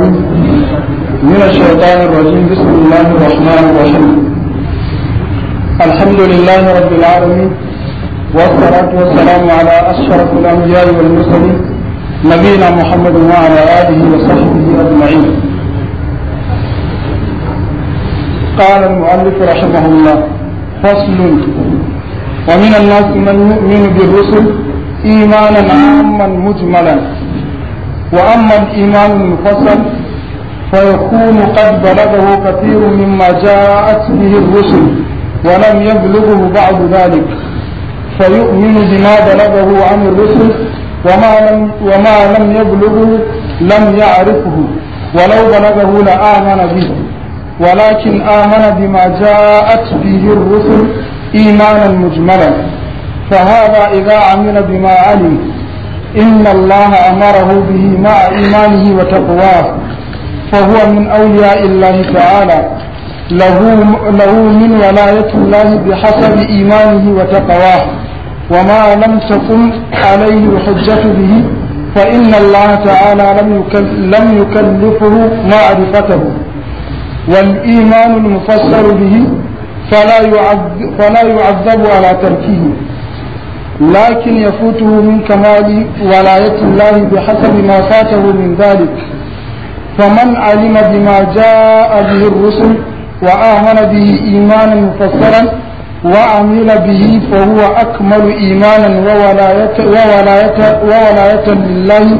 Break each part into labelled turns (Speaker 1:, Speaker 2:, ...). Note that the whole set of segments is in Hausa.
Speaker 1: من الشيطان الرجيم بسم الله الرحمن الرحيم الحمد لله رب العالمين والصلاة والسلام على أشرف الأنبياء والمرسلين نبينا محمد وعلى آله وصحبه أجمعين قال المؤلف رحمه الله فصل ومن الناس من يؤمن بالرسل إيمانا عاما مجملا وأما الإيمان المفصل فيكون قد بلغه كثير مما جاءت به الرسل ولم يبلغه بعد ذلك فيؤمن بما بلغه عن الرسل وما لم, وما لم يبلغه لم يعرفه ولو بلغه لآمن به ولكن آمن بما جاءت به الرسل إيمانا مجملا فهذا إذا عمل بما علم إن الله أمره به مع إيمانه وتقواه فهو من أولياء الله تعالى له, له من ولاية الله بحسب إيمانه وتقواه وما لم تكن عليه الحجة به فإن الله تعالى لم لم يكلفه معرفته والإيمان المفسر به فلا يعذب, فلا يعذب على تركه لكن يفوته من كمال ولاية الله بحسب ما فاته من ذلك فمن علم بما جاء به الرسل وآمن به إيمانا مفسرا وعمل به فهو أكمل إيمانا وولاية, وولاية, وولاية لله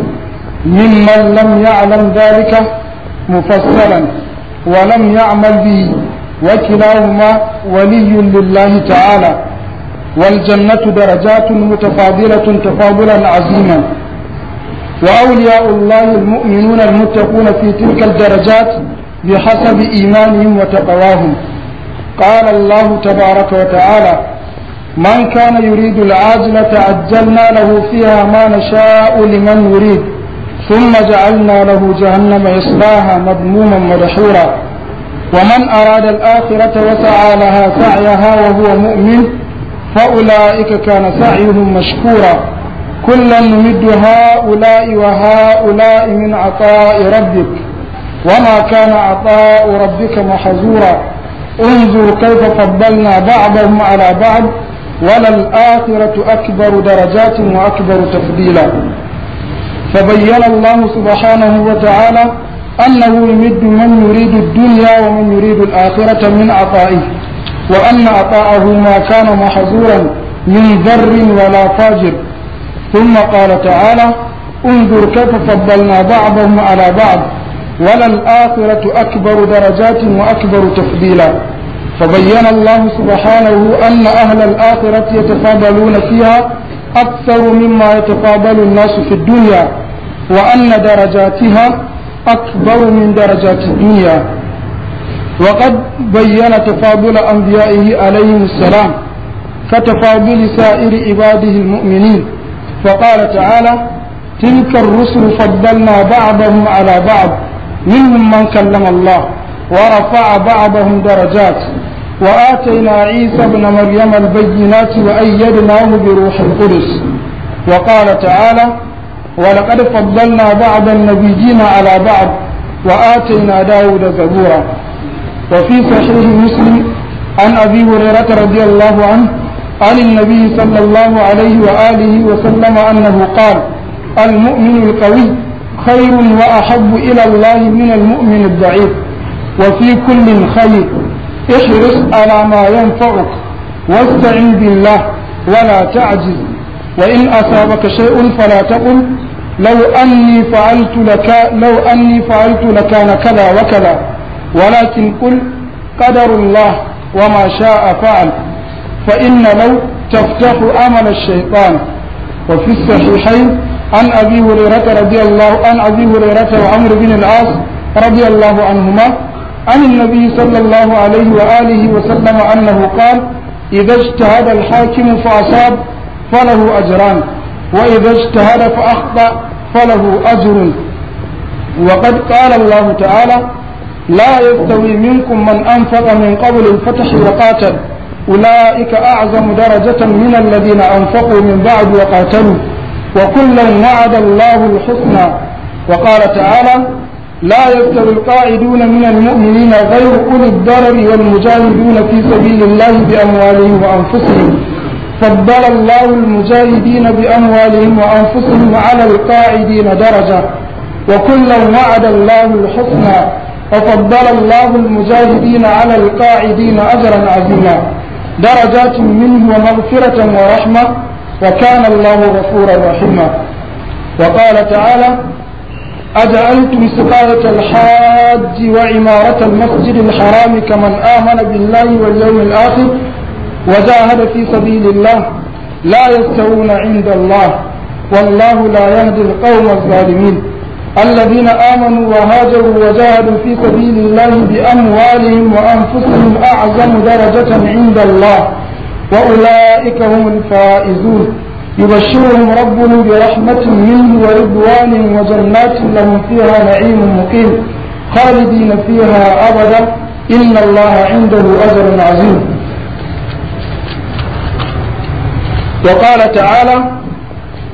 Speaker 1: ممن لم يعلم ذلك مفسرا ولم يعمل به وكلاهما ولي لله تعالى والجنة درجات متفاضلة تفاضلا عظيما وأولياء الله المؤمنون المتقون في تلك الدرجات بحسب إيمانهم وتقواهم قال الله تبارك وتعالى من كان يريد العاجلة عجلنا له فيها ما نشاء لمن يريد ثم جعلنا له جهنم يصلاها مذموما مدحورا ومن أراد الآخرة وسعى لها سعيها وهو مؤمن فأولئك كان سعيهم مشكورا كلا نمد هؤلاء وهؤلاء من عطاء ربك وما كان عطاء ربك محظورا انظر كيف فضلنا بعضهم على بعض وللآخرة أكبر درجات وأكبر تفضيلا فبين الله سبحانه وتعالى أنه يمد من يريد الدنيا ومن يريد الآخرة من عطائه وأن أطاعه ما كان محظورا من ذر ولا فاجر ثم قال تعالى انظر كيف فضلنا بعضهم على بعض وللآخرة أكبر درجات وأكبر تفضيلا فبين الله سبحانه أن أهل الآخرة يتفاضلون فيها أكثر مما يتفاضل الناس في الدنيا وأن درجاتها أكبر من درجات الدنيا وقد بين تفاضل أنبيائه عليهم السلام كتفاضل سائر عباده المؤمنين فقال تعالى تلك الرسل فضلنا بعضهم على بعض منهم من كلم الله ورفع بعضهم درجات وآتينا عيسى ابن مريم البينات وأيدناه بروح القدس وقال تعالى ولقد فضلنا بعض النبيين على بعض وآتينا داود زبورا وفي صحيح مسلم عن أبي هريرة رضي الله عنه عن النبي صلى الله عليه وآله وسلم أنه قال المؤمن القوي خير وأحب إلى الله من المؤمن الضعيف وفي كل خير احرص على ما ينفعك واستعن بالله ولا تعجز وإن أصابك شيء فلا تقل لو أني فعلت لك لو أني فعلت لكان كذا وكذا ولكن قل قدر الله وما شاء فعل فإن لو تفتح أمل الشيطان وفي الصحيحين عن أبي هريرة رضي الله عن أبي هريرة وعمر بن العاص رضي الله عنهما عن النبي صلى الله عليه وآله وسلم أنه قال إذا اجتهد الحاكم فأصاب فله أجران وإذا اجتهد فأخطأ فله أجر وقد قال الله تعالى لا يستوي منكم من أنفق من قبل الفتح وقاتل أولئك أعظم درجة من الذين أنفقوا من بعد وقاتلوا وكلا وعد الله الحسنى وقال تعالى لا يستوي القاعدون من المؤمنين غير أولي الضرر والمجاهدون في سبيل الله بأموالهم وأنفسهم فضل الله المجاهدين بأموالهم وأنفسهم على القاعدين درجة وكلا وعد الله الحسنى وفضل الله المجاهدين على القاعدين أجرا عظيما درجات منه ومغفرة ورحمة وكان الله غفورا رحيما وقال تعالى أجعلتم سقاية الحاج وعمارة المسجد الحرام كمن آمن بالله واليوم الآخر وجاهد في سبيل الله لا يستوون عند الله والله لا يهدي القوم الظالمين الذين آمنوا وهاجروا وجاهدوا في سبيل الله بأموالهم وأنفسهم أعظم درجة عند الله وأولئك هم الفائزون يبشرهم ربهم برحمة منه ورضوان وجنات لهم فيها نعيم مقيم خالدين فيها أبدا إن الله عنده أجر عظيم وقال تعالى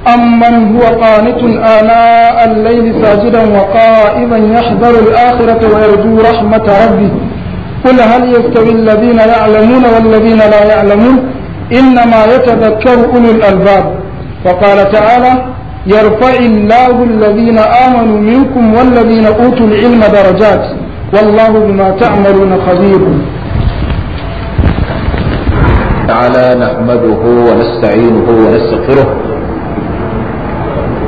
Speaker 1: أمن هو قانت آناء الليل ساجدا وقائما يحذر الآخرة ويرجو رحمة ربه قل هل يستوي الذين يعلمون والذين لا يعلمون إنما يتذكر أولو الألباب وقال تعالى يرفع الله الذين آمنوا منكم والذين أوتوا العلم درجات والله بما تعملون خبير
Speaker 2: تعالى نحمده ونستعينه ونستغفره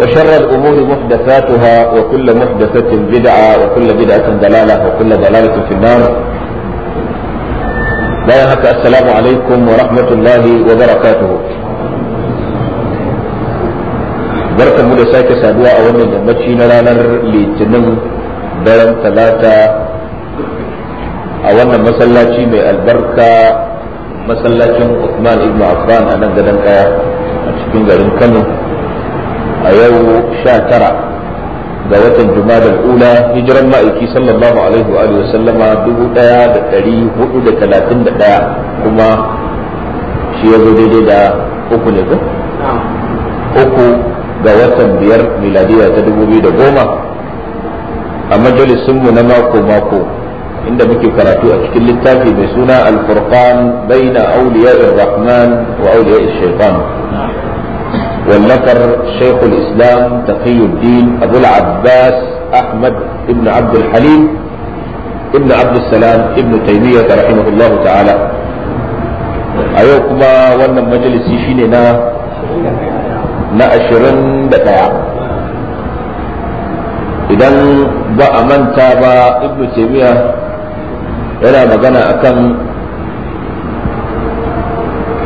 Speaker 2: وشر الأمور محدثاتها وكل محدثة بدعة وكل بدعة ضلالة وكل ضلالة في النار لا يهك السلام عليكم ورحمة الله وبركاته barkan mu da sake saduwa awannan wannan yammaci na ranar litinin daren talata a wannan masallaci mai albarka masallacin Uthman ibn afran a nan gadon kaya a cikin garin Kano a yau sha tara ga watan jumada ula hijiran ma'aiki sallallahu alaihi wa sallama dubu daya da dari hudu da talatin da daya kuma shi ya zo daidai da uku ne ko uku ga watan biyar miladiya ta dubu biyu da goma a majalisunmu na mako mako inda muke karatu a cikin littafi mai suna alfurqan baina auliya rahman wa auliya shaitan والنكر شيخ الإسلام تقي الدين أبو العباس أحمد بن عبد الحليم ابن عبد السلام ابن تيمية رحمه الله تعالى أيوكما وانا مجلس شيننا
Speaker 3: نأشرن
Speaker 2: بتاع إذن بأمن تابا ابن تيمية yana magana أكم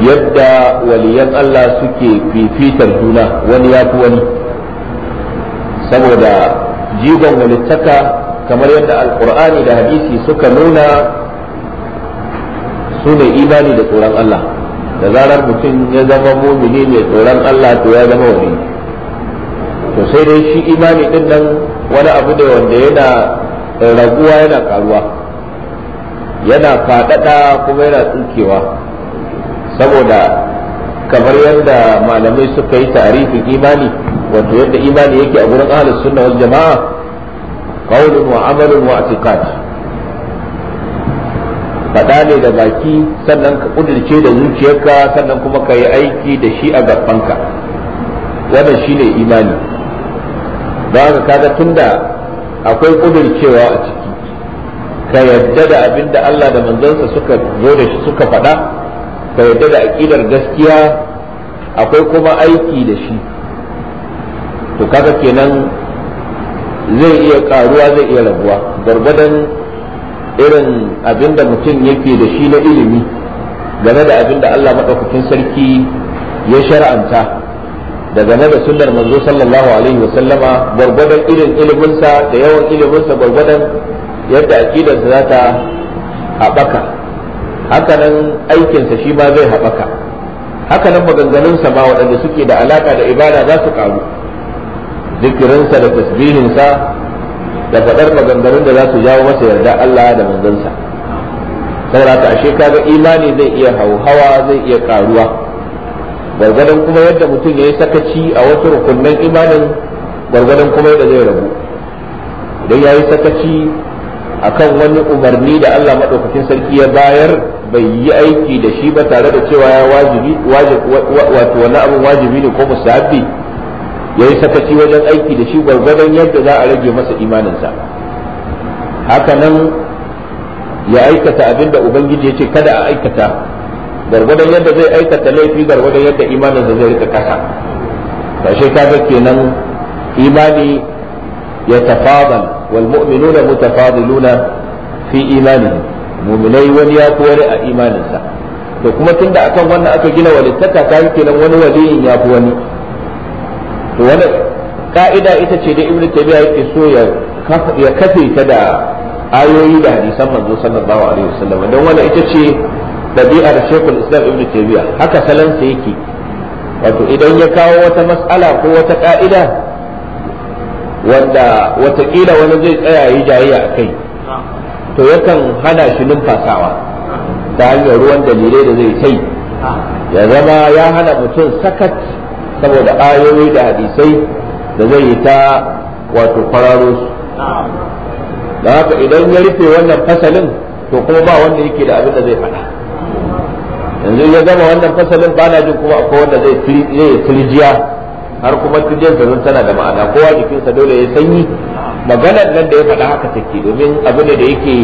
Speaker 2: yadda waliyan Allah suke fifitar juna wani ya fi wani saboda jigon walittaka kamar yadda alkur'ani da hadisi suka nuna su ne imani da tsoron Allah da zarar mutum ya zama mumini mai tsoron Allah to ya zama wani to sai dai shi imani din nan wani abu ne wanda yana raguwa yana karuwa yana faɗaɗa kuma yana tsukewa saboda kamar yadda malamai suka yi tarihin imani wato yadda imani yake a gurin ahalus sunna wal jama'a qawlun wa amalun wa i'tiqad fada ne da baki sannan ka kudirce da zuciyarka sannan kuma ka yi aiki da shi a gabanka wannan shine imani don haka kaga tunda akwai kudircewa a ciki ka yadda da abin da Allah da manzansa suka zo da shi suka faɗa ka yadda da aƙidar gaskiya akwai kuma aiki da shi to kaga kenan zai iya karuwa zai iya rabuwa gargadon irin abin da mutum yake da shi na ilimi game da abin da Allah maɗaukakin sarki ya shara'anta da game da sunnar manzo sallallahu alaihi wa sallama gwargwadon irin iliminsa da yawan iliminsa gwargwadon yadda aƙidarsa za ta haɓaka hakanan aikinsa shi ba zai haɓaka hakanan maganganunsa ma waɗanda suke da alaƙa da ibada za su ƙaru zikirinsa da tasbihinsa da faɗar maganganun da za su jawo masa yarda Allah da manzansa saboda ashe kaga imani zai iya hauhawa zai iya ƙaruwa gwargwadon kuma yadda mutum ya yi sakaci a wasu rukunnan imanin gwargwadon kuma yadda zai rabu idan ya yi sakaci akan wani umarni da Allah maɗaukakin sarki ya bayar bai yi aiki da shi ba tare da cewa ya wajibi wato wani abin wajibi ne ko musahabi ya yi sakaci wajen aiki da shi gwargwadon yadda za a rage masa imaninsa haka nan ya aikata abin da ubangiji ya ce kada a aikata gwargwadon yadda zai aikata laifi gwargwadon yadda imaninsa zai rika kasa kashe kaga kenan imani ya tafadal wal mu'minuna mutafadiluna fi imanihim muminai wani ya fi a imaninsa to kuma tun da akan wannan aka gina walittaka ta yi kenan wani waliyin ya fi wani to wani ka'ida ita ce da ibn tabiya yake so ya kafe ta da ayoyi da hadisan manzo sallallahu alaihi wasallam don wannan ita ce dabi'ar shekul islam ibn tabiya haka salansa yake wato idan ya kawo wata mas'ala ko wata ka'ida wanda watakila wani zai tsaya yi jayayya a kai to yakan hana shi numfasawa ta hanyar ruwan dalilai da zai kai ya zama ya hana mutum sakat saboda ayoyi da hadisai da zai yi ta wato kwararo su da haka idan ya rufe wannan fasalin to kuma ba wanda yake da abin da zai faɗa yanzu ya gama wannan fasalin ba na jin kuma akwai wanda zai yi turjiya har kuma turjiyar sa tana da ma'ana kowa jikinsa dole ya sanyi maganar nan da ya faɗa haka take domin abin da yake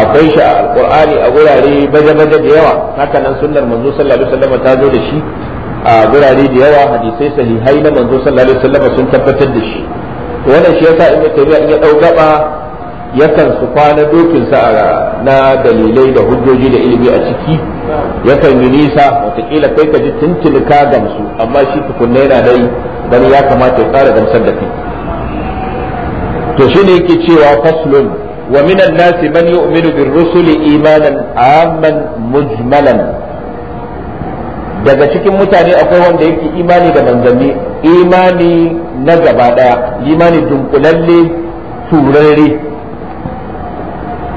Speaker 2: akwai shi a alkur'ani a gurare baje-baje da yawa haka nan sunnar manzo sallallahu alaihi wasallam ta zo da shi a gurare da yawa hadisai sahihai na manzo sallallahu alaihi wasallam sun tabbatar da shi to wannan shi yasa ibnu taymiya in ya dau gaba yakan su kwana dokin sa na dalilai da hujjoji da ilimi a ciki yakan yi nisa watakila kai ka ji tuntun ka gamsu amma shi tukunna yana dai dan ya kamata ya tsara gamsar da kai to shine yake cewa faslun wa minan nasi man yu'minu bir rusuli imanan amman mujmalan daga cikin mutane akwai wanda yake imani da manzanni imani na gaba daya imani dunkulalle turare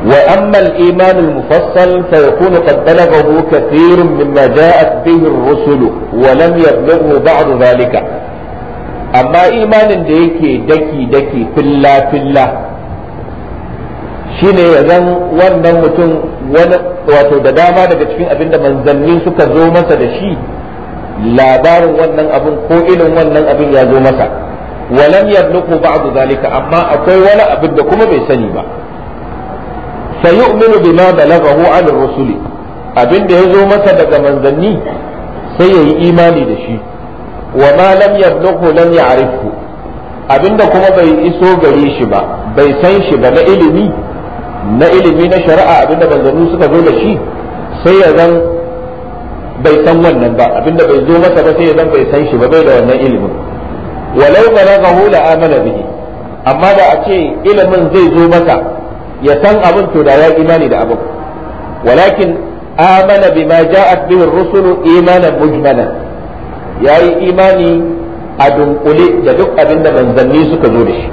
Speaker 2: وأما الإيمان المفصل فيكون قد بلغه كثير مما جاءت به الرسل ولم يبلغه بعض ذلك amma imanin da yake daki-daki filla-filla shine ya zan wannan mutum wato da dama daga cikin abin da manzanni suka zo masa da shi labarin wannan abin ko ilin wannan abin ya zo masa walam yabluku ba'du zalika amma akwai wani abin da kuma bai sani ba sayu'minu bima balaghahu 'ala rusuli abin da ya zo masa daga manzanni sai yayi imani da shi wa ma lam yablughu lam ya'rifhu abinda kuma bai iso gare shi ba bai san shi ba na ilimi na ilimi na shari'a abinda manzanni suka zo da shi sai ya zan bai san wannan ba abinda bai zo masa ba sai ya zan bai san shi ba bai da wannan ilimin walau balaghahu la amana bihi amma da a ce ilimin zai zo masa ya san abin to da ya imani da abin walakin amana bima ja'at bihi ar-rusulu imanan mujmalan ya yi imani a dunkule da duk abin da manzanni suka zo da shi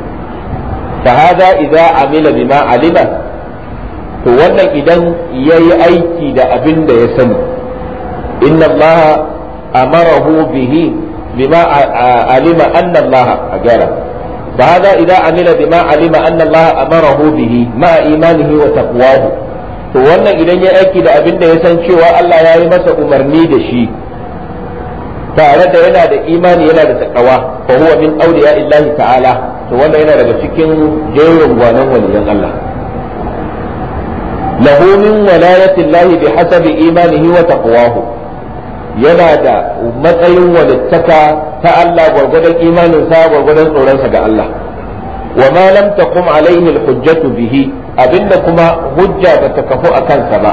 Speaker 2: fa hada idza amila bima alima to wannan idan ya yi aiki da abin da ya sani inna Allah amarahu bihi bima alima anna Allah agara فهذا إذا عمل بما علم أن الله أمره به مع إيمانه وتقواه to wannan idan ya aiki da abin da ya san cewa Allah ya yi masa umarni da shi tare da yana da imani yana da takawa fa huwa min awliya illahi ta'ala to wanda yana daga cikin jerin gwanan waliyan Allah lahu min walayati illahi bi hasabi imanihi wa taqwahu yana da matsayin walittaka ta Allah gwargwadon imaninsa gwargwadon tsoronsa ga Allah wa ma lam taqum alaihi alhujjatu bihi abinda kuma hujja ba ta kafu akan sa ba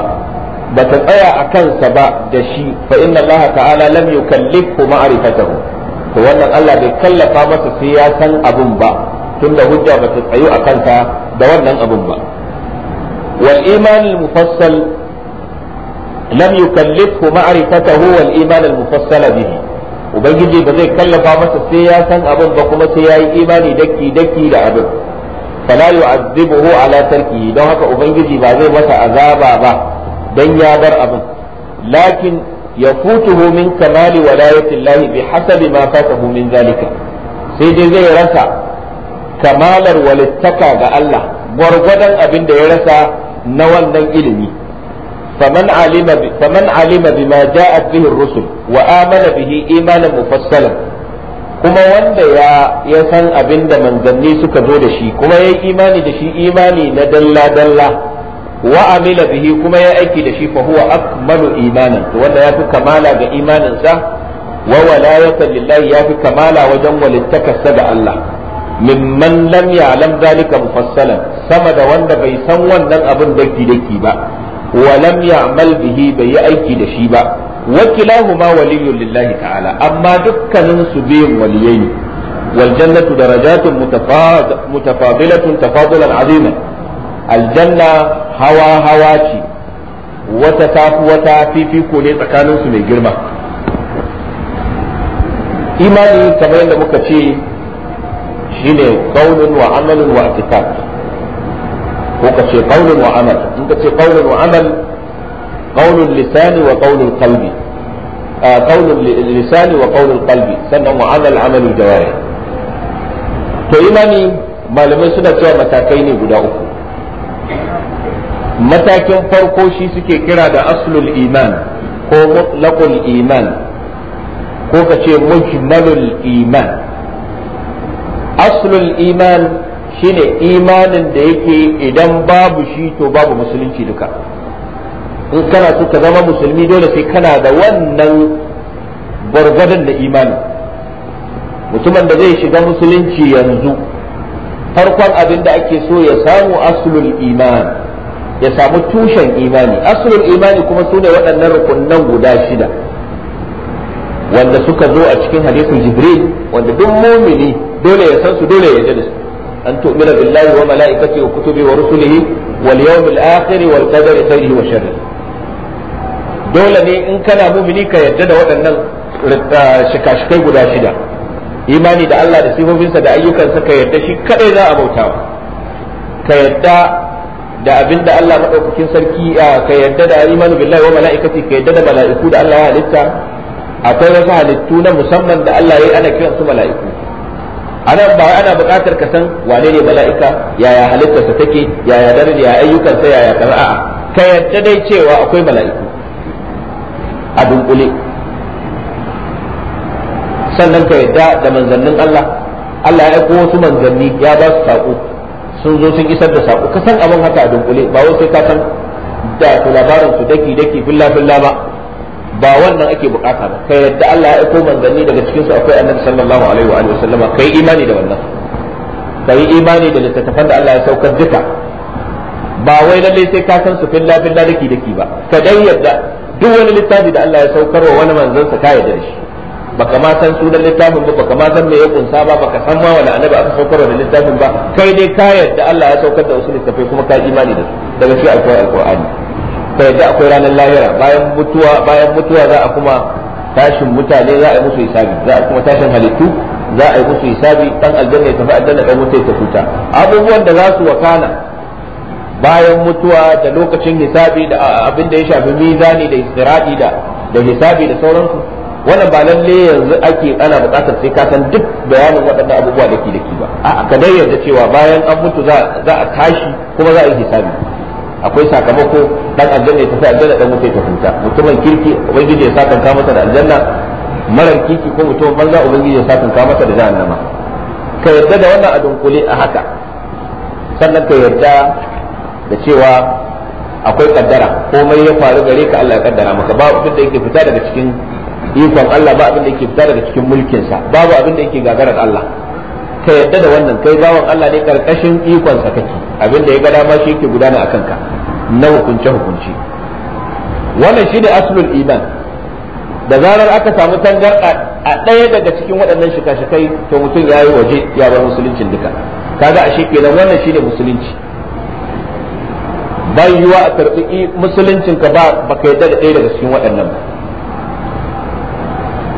Speaker 2: ba tsaya a kansa ba da shi fa inna Allah ta'ala lam yukallifu ma'rifatahu to wannan Allah bai kallafa masa sai ya san abun ba tunda hujja bata ta tsayu a kansa da wannan abun ba wal iman al mufassal lam yukallifu ma'rifatahu wal iman al mufassal bihi ubangiji ba zai kallafa masa sai ya san abun ba kuma sai ya yi imani daki daki da abin fala yu'adhibuhu ala tarkihi don haka ubangiji ba zai masa azaba ba dan ya bar abin lakin yafutuhu min kamali walayati Allah bi hasabi ma fatahu min zalika sai dai zai rasa kamalar walittaka ga Allah gwargwadon abin da ya rasa na wannan ilimi فمن علم فمن علم بما جاءت به الرسل وآمن به إيمانا مفصلا kuma wanda ya san abin da manzanni suka zo da shi kuma ya imani da shi imani na dalla dalla wa amila bihi kuma ya aiki da shi fa huwa akmalu imanin to wanda yafi kamala ga imanin sa wa walayatan lillahi yafi kamala wajen walittakasa ga Allah mimman lam ya'lam zalika mufassalan sama da wanda bai san wannan abin daki daki ba wa lam ya'mal bihi bai yi aiki da shi ba wa kilahuma waliyyun lillahi ta'ala amma dukkanin su biyun waliyai ne wal jannatu darajatun mutafadilatun tafadulan aziman aljanna hawa hawa ce wata tafi wata fifiko ne tsakaninsu mai girma imani kamar yadda muka ce shi ne kaunin wa amalin wa akitab ko ka ce ƙaunin wa amal in ka ce ƙaunin wa amal ƙaunin lisani wa ƙaunin kalbi kaunin lisani wa kaunin kalbi sannan wa amal amalin jawari to imani malamai suna cewa matakai ne guda uku matakin farko shi suke kira da aslul iman ko mutlaqul iman ko ka ce mujmalul iman aslul iman shine imanin da yake idan babu shi to babu musulunci duka in kana so ka zama musulmi dole sai kana da wannan gwargwadon da imani mutumin da zai shiga musulunci yanzu farkon abin da ake so ya samu aslul iman ya samu tushen imani aslul imani kuma su ne waɗannan rukunan guda shida wanda suka zo a cikin hadisin jibril wanda duk mumini dole ya san su dole ya yarda su an tu'mina billahi wa mala'ikati wa kutubi wa rusulihi wal yawmil akhir wal qadari khairihi wa sharrihi dole ne in kana mumini ka yadda da waɗannan uh, shika-shikai guda shida imani da Allah da sifofinsa da ayyukansa ka yadda shi kadai za a bautawa ka yadda da abinda Allah madaukakin sarki ka yadda da imanu billahi wa mala'ikati ka yadda da mala'iku da Allah ya halitta akwai wasu halittu na musamman da Allah ya yi ana kiran su mala'iku nan ba ana buƙatar ka san wane ne mala'ika yaya halittarsa take yaya dare yaya ayyukansa yaya kar'a ka yadda dai cewa akwai mala'iku a dunkule sannan ka yadda da manzannin Allah Allah ya aiko wasu manzanni ya ba su saƙo sun zo sun isar da saƙo. ka san abin haka a dunkule ba wai sai ka san da labarin su daki daki billa billa ba ba wannan ake bukata ba ka yadda Allah ya aiko manzanni daga cikin su akwai annabi sallallahu alaihi wa alihi wasallama kai imani da wannan kai imani da littattafan da Allah ya saukar duka ba wai lalle sai ka san su filla filla daki daki ba ka dai yadda duk wani littafi da Allah ya saukar wa wani manzon sa ka yadda shi baka ma san sunan littafin ba baka ma san me ya kunsa ba baka san ma wala annabi aka saukar da littafin ba kai dai ka yadda Allah ya saukar da wasu littafai kuma ka imani da su daga shi akwai alqur'ani kai yadda akwai ranar lahira bayan mutuwa bayan mutuwa za a kuma tashin mutane za a yi musu hisabi za a kuma tashin halittu za a yi musu hisabi dan aljanna ya tafi aljanna dan mutai ta huta abubuwan da za su wakana bayan mutuwa da lokacin hisabi da abin da ya shafi mizani da istiradi da da hisabi da sauransu wannan ba lalle yanzu ake ana buƙatar sai ka san duk bayanin waɗannan abubuwa da ke da ke ba a ka dai yarda cewa bayan an mutu za a tashi kuma za a yi hisabi akwai sakamako dan aljanna ta sai aljanna dan mutai ta mutumin kirki ubangiji ya sakan ka mata da aljanna marar kirki ko mutumin banza ubangiji ya sakan ka mata da jahannama ka yarda da wannan a dunkule a haka sannan ka yarda da cewa akwai kaddara komai ya faru gare ka Allah ya kaddara maka ba duk da yake fita daga cikin ikon Allah ba abin da yake fita daga cikin mulkinsa babu abin da yake gagarar Allah ka yadda da wannan kai bawan Allah ne karkashin ikonsa kake abin da ya ga dama shi yake gudana a kanka na hukunce hukunci wannan ne aslul iman da zarar aka samu tangar a ɗaya daga cikin waɗannan shika-shikai to mutum ya yi waje ya bar musuluncin duka kaga a shi kenan wannan ne musulunci bayuwa a karɓi musuluncin ka ba ka yadda da ɗaya daga cikin waɗannan ba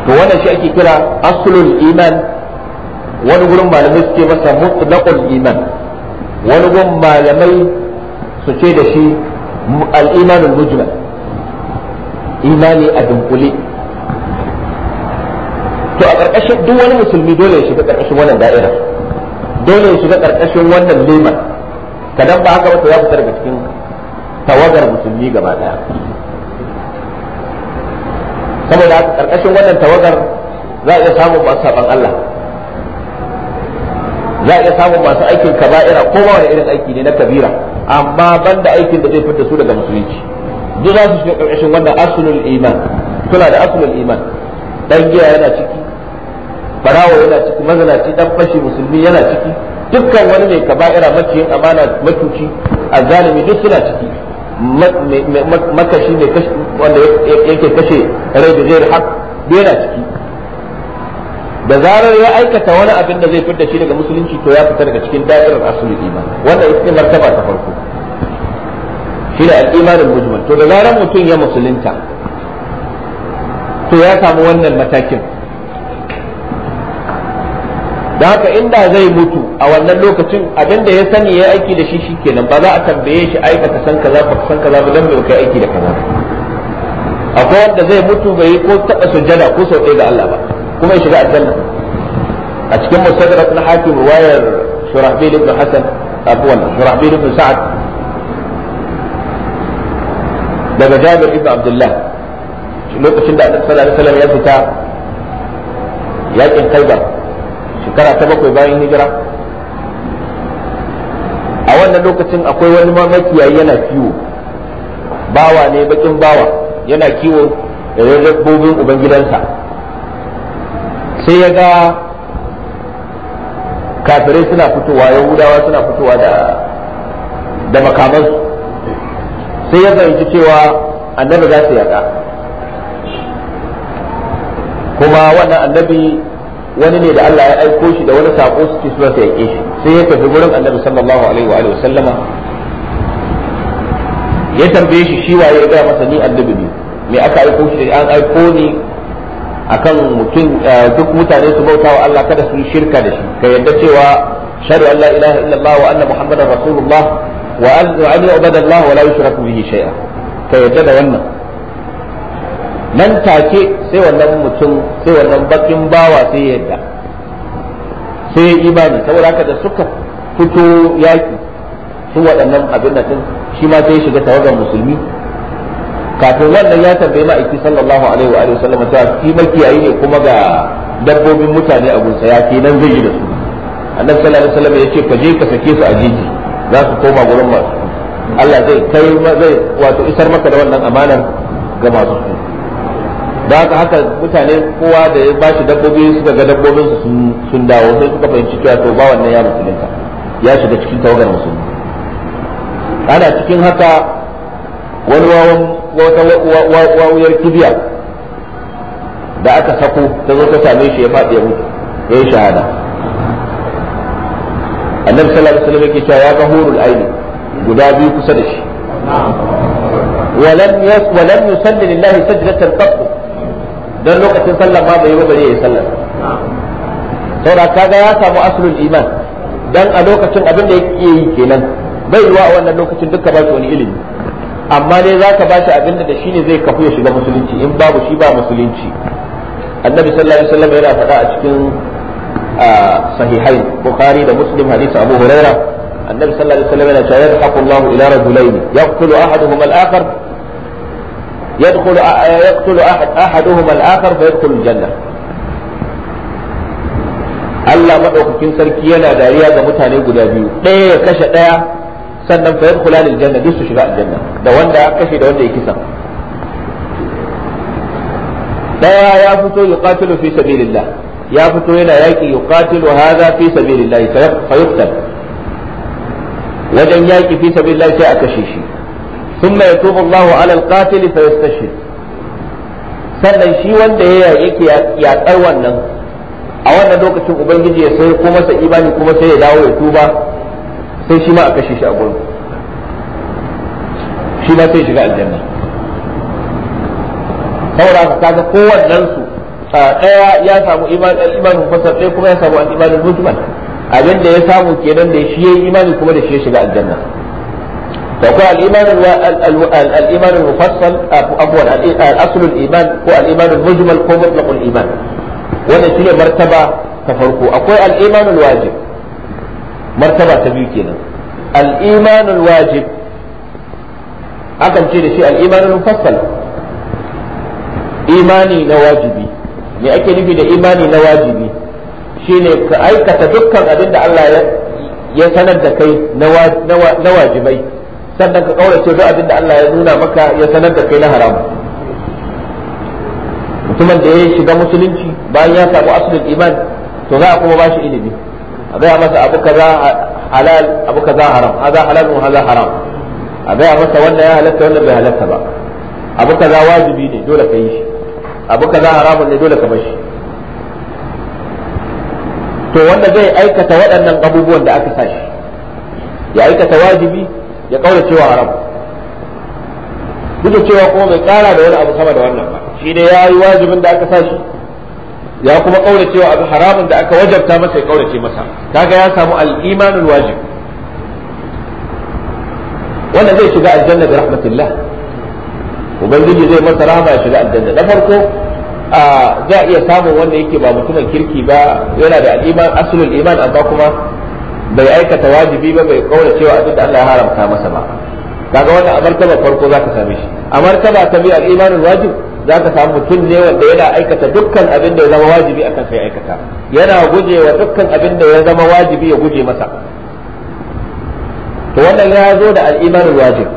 Speaker 2: to wannan shi ake kira aslul iman wani gurin malamai suke masa mutlaqul iman wani gurin malamai su ce da shi al-imanul mujmal imani a dunkule to a ƙarƙashin duk wani musulmi dole ya shiga ƙarƙashin wannan da'ira dole ya shiga ƙarƙashin wannan leman kadan ba haka ba to ya fita daga cikin tawagar musulmi gaba daya saboda karkashin wannan tawagar za a iya samun masu saban Allah za a iya samun masu aikin kaba'ira ko ba wani irin aiki ne na kabira amma banda aikin da zai fita su daga musulunci duk za su shiga karkashin wannan asulul iman suna da asulul iman dan giya yana ciki barawo yana ciki mazalaci dan fashi musulmi yana ciki dukkan wani mai kaba'ira maciyin amana matuci azzalimi duk suna ciki makashi ne wanda yake kashe rai da zai haq yana ciki da zarar ya aikata wani abin da zai fidda shi daga musulunci to ya fita daga cikin da'irar asulul iman wannan ita ce martaba ta farko shi da al'imanin mujmal to da zarar mutum ya musulunta to ya samu wannan matakin da haka inda zai mutu a wannan lokacin abin da ya sani ya aiki da shi shikenan ba za a tambaye shi ai baka san kaza baka san kaza ba dan me kai aiki da kaza ba. akwai wanda zai mutu bai yi ko taɓa sujjada ko sau ɗaya ga Allah ba kuma ya shiga aljanna a cikin mustadrak na hakim wayar shurahbil ibn hasan afwan shurahbil ibn sa'ad daga jabir ibn abdullah lokacin da annabi sallallahu alaihi wasallam ya fita yakin khaybar shekara ta bakwai bayan hijira a wannan lokacin akwai wani mamakiyayi yana kiwo bawa ne bakin bawa yana kiwo da dabbobin ubangidansa sai ya ga kafirai suna fitowa yahudawa suna fitowa da makamansu sai ya fahimci cewa annabi za su yaƙa kuma wannan annabi wani ne da Allah ya aiko shi da wani sako su suna su yaƙe shi sai ya tafi gurin annabi sallallahu alaihi wa sallama ya tambaye shi shi waye ya gaya masa ni annabi ne me aka aiko shi an aiko ni akan mutum duk mutane su bauta wa Allah kada su yi shirka da shi ka yadda cewa shahadu an la ilaha illallah wa anna muhammadar rasulullah wa an yu'badu Allah wa la yushraku bihi shay'a ka yadda da wannan nan take sai wannan mutum sai wannan bakin bawa sai yadda sai ya imani saboda haka da suka fito yaki su waɗannan abin da shi ma sai shiga tawagar musulmi kafin wannan ya tambayi ma'aiki sallallahu alaihi wa alihi sallam ta ki makiyayi ne kuma ga dabbobin mutane a gunsa ya ke nan zai yi da su annabi sallallahu alaihi wasallam ya ce ka je ka sake su a jeji za su koma gurin masu Allah zai kai zai wato isar maka da wannan amanar ga masu su da haka haka mutane kowa da ya ba shi dabbobi suka ga dabbobin su sun dawo sai suka fahimci cewa to ba wannan ya musulunta ya shiga cikin tawagar musulmi ana cikin haka wani wawan wawuyar kibiya da aka sako ta zo ta same shi ya faɗi ya mutu ya yi shahada annabi sallallahu alaihi wasallam yake cewa ya ga hurul aini guda biyu kusa da shi ولم يس ولم يصلي لله سجدة قط dan lokacin sallah ma bai yi ba bare ya sallah saboda kaga ya samu aslul iman dan a lokacin abin da yake yi kenan bai yiwa a wannan lokacin duka ba shi wani ilimi amma dai za ka ba shi abin da shi ne zai kafu ya shiga musulunci in babu shi ba musulunci annabi sallallahu alaihi wasallam yana faɗa a cikin sahihai bukhari da muslim hadisi abu huraira annabi sallallahu alaihi wasallam yana cewa yadhaqu Allahu ila rajulaini yaqtulu ahaduhuma al-akhar يدخل يقتل أحد أحدهما الآخر فيدخل الجنة Allah maɗaukakin sarki yana dariya ga mutane guda biyu ɗaya ya kashe ɗaya sannan fa yadkhula lil janna duk su shiga aljanna da wanda ya kashe da wanda ya kisa daya ya fito yuqatilu fi sabilillah ya fito yana yaki yuqatilu hadha fi sabilillah fa yuqtal wajen yaki fi sabilillah sai a kashe shi thumma yatubu Allahu ala al-qatil fa yastashhid sannan shi wanda ya yake yaƙar wannan a wannan lokacin ubangiji ya sai kuma sa'i imani kuma sai ya dawo ya tuba sai shi ma a kashe shi a gurin shi ma sai shiga aljanna saboda haka kaga kowannen su daya ya samu imanin fasar ɗaya kuma ya samu an imanin mutumin abin da ya samu kenan da shi yayi imani kuma da shi ya shiga aljanna to ko al-iman al-iman mufassal abu al-asl al-iman ko al-iman mujmal ko mutlaq al-iman wannan shine martaba ta farko akwai al-iman al-wajib martaba ta biyu kenan al-imanul wajib akan ce da shi al-imanul mufassal imani na wajibi me ake nufi da imani na wajibi shine ka aikata dukkan abin da Allah ya sanar da kai na wajibai sannan ka kaurace duk abin da Allah ya nuna maka ya sanar da kai na haram mutumin da ya shiga musulunci bayan ya samu asulul iman to za a kuma bashi ilimi a gaya masa abu kaza halal abu kaza haram haza halal wa haza haram a gaya masa wannan ya halatta wannan bai halatta ba abu kaza wajibi ne dole ka yi shi abu kaza haramun ne dole ka bar shi to wanda zai aikata waɗannan abubuwan da aka sashi ya aikata wajibi ya kaura cewa haram duk da cewa kuma bai kara da wani abu sama da wannan ba shi ne ya yi wajibin da aka sashi ya kuma kauracewa abu haramun da aka wajabta masa ya kaurace masa kaga ya samu al-imanul wajib wanda zai shiga aljanna da rahmatillah ubangiji zai masa rahama ya shiga aljanna Da farko a za iya samun wanda yake ba mutumin kirki ba yana da al-iman aslul iman amma kuma bai aikata wajibi ba bai kauracewa abin da Allah ya haramta masa ba kaga wannan a martaba farko zaka same shi a martaba ta bi al-imanul wajib za ka samu mutum ne wanda yana aikata dukkan abin da ya zama wajibi a kansa ya aikata yana guje wa dukkan abin da ya zama wajibi ya guje masa to wannan ya zo da al'imanin wajib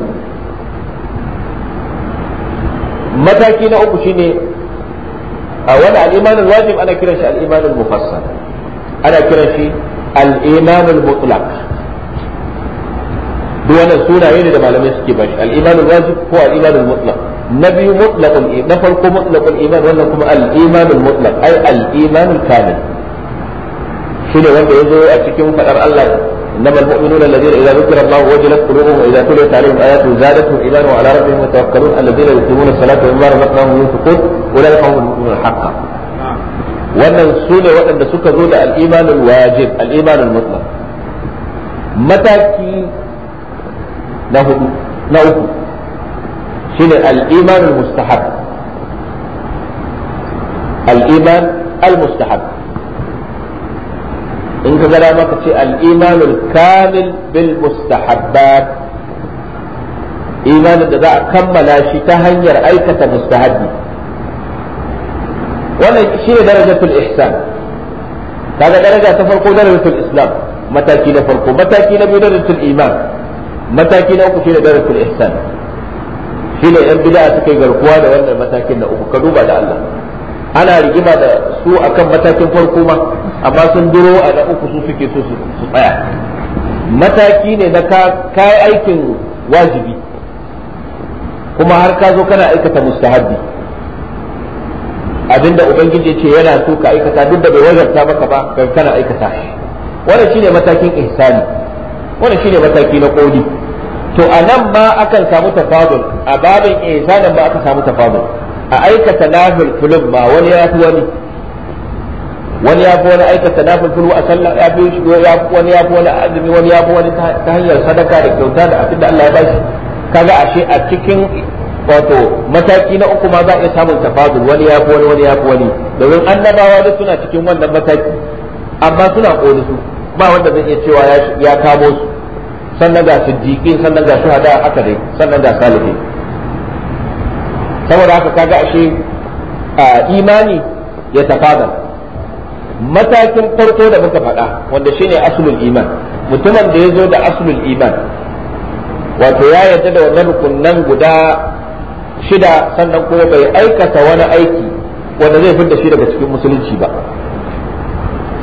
Speaker 2: mataki na uku shine a wani al'imanin wajib ana kiran shi al'imanin mufassal ana kiran shi al'imanin mutlaq duk wannan sunaye ne da malamai suke bashi al'imanin wajib ko al'imanin mutlaq na biyu mutlaqul na farko mutlaqul iman wannan kuma al-imanul mutlaq ai al-imanul kamil shine wanda yazo a cikin fadar Allah إنما المؤمنون الذين إذا ذكر الله وجلت قلوبهم وإذا تليت عليهم آياته زادتهم إيمانا وعلى ربهم يتوكلون الذين يقيمون الصلاة ومما رزقناهم ينفقون أولئك هم المؤمنون حقا. wannan su ne waɗanda suka zo da al'imanin wajib al'imanin mutlaq mataki na hudu na uku shine al-iman al-mustahab in ka gada maka ce al kamil bil mustahabbat imanin da za a kammala shi ta hanyar aikata mustahabbi wannan shine darajatul ihsan kaga daraja ta farko islam mataki na farko mataki na biyu iman mataki na uku shi ne yan bid'a suka yi garkuwa da wannan matakin na uku ka duba da Allah ana rigima da su akan matakin farko ma amma sun duro a na uku su suke so su tsaya mataki ne na kai aikin wajibi kuma har ka zo kana aikata mustahabi? abinda ubangiji ce yana so ka aikata duk da bai wajarta maka ba kai kana aikata wannan shine matakin ihsani wannan shine mataki na koli to a nan ma akan samu tafadul a babin ihsanin ma aka samu tafadul a aikata nafil fulun ma wani ya fi wani wani ya fi wani aikata nafil fulu a sallah ya fi shi wani ya fi wani azumi wani ya fi wani ta hanyar sadaka da kyauta da abin da Allah ya bashi kaga ashe a cikin wato mataki na uku ma za a iya samun tafadul wani ya fi wani wani ya fi wani domin annabawa duk suna cikin wannan mataki amma suna ƙoni su ba wanda zai iya cewa ya kamo su sannan ga siddiqin sannan ga shuhada haka dai sannan ga salihin saboda haka kaga ashe imani ya tafada matakin farko da muka faɗa wanda shine aslul iman mutumin da ya zo da aslul iman wato ya yarda da wannan rukunnan guda shida sannan kuma bai aikata wani aiki wanda zai fidda shi daga cikin musulunci ba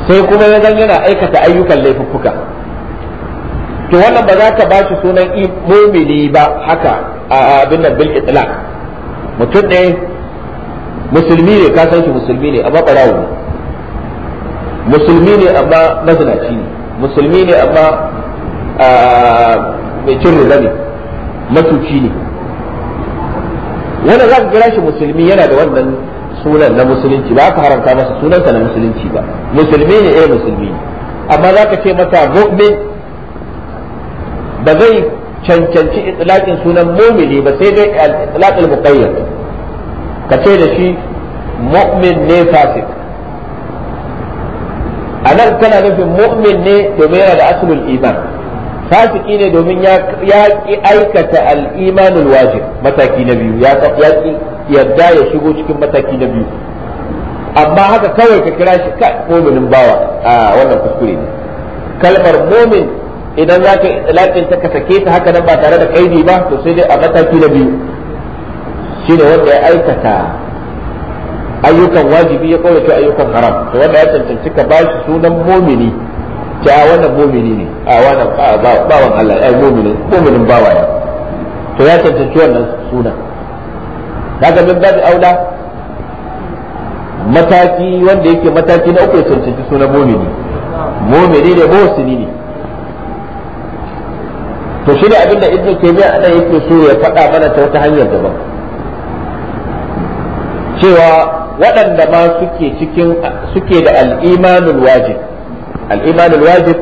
Speaker 2: sai kuma ya zan yana aikata ayyukan laifuffuka to wannan ba za ka ba shi sunan mumini ba haka a abin nan bil itlaq mutum ne musulmi ne ka san shi musulmi ne amma barawo ne musulmi ne amma mazinaci ne musulmi ne amma mai cin riga ne matuci ne wanda za ka kira shi musulmi yana da wannan sunan na musulunci ba ka haramta masa sunansa na musulunci ba musulmi ne eh musulmi amma za ka ce masa mu'min ba zai cancanci itlaqin sunan mumini ba sai dai itlaqil muqayyad ka ce da shi mu'min ne fasik a nan tana nufin mu'min ne domin yana da aslul iman fasiki ne domin ya ki aikata al-imanul wajib mataki na biyu ya ki yadda ya shigo cikin mataki na biyu amma haka kawai ka kira shi ka muminin bawa a wannan kuskure ne kalmar momin idan za ka laƙin ta ka sake ta haka nan ba tare da kaidi ba to sai dai a mataki na biyu Shi ne wanda ya aikata ayyukan wajibi ya kawai ayyukan haram to wanda ya cancanci ka ba shi sunan momini ta wannan momini ne a wannan bawan Allah ai momini mominin bawa ya to ya cancanci wannan sunan kaga min babu auda, mataki wanda yake mataki na uku ya cancanci sunan momini momini ne mosini ne to shi ne abinda ibnu taymiya anan yake so ya faɗa mana ta wata hanyar daban cewa waɗanda ma suke cikin suke da al-imanul wajib al wajib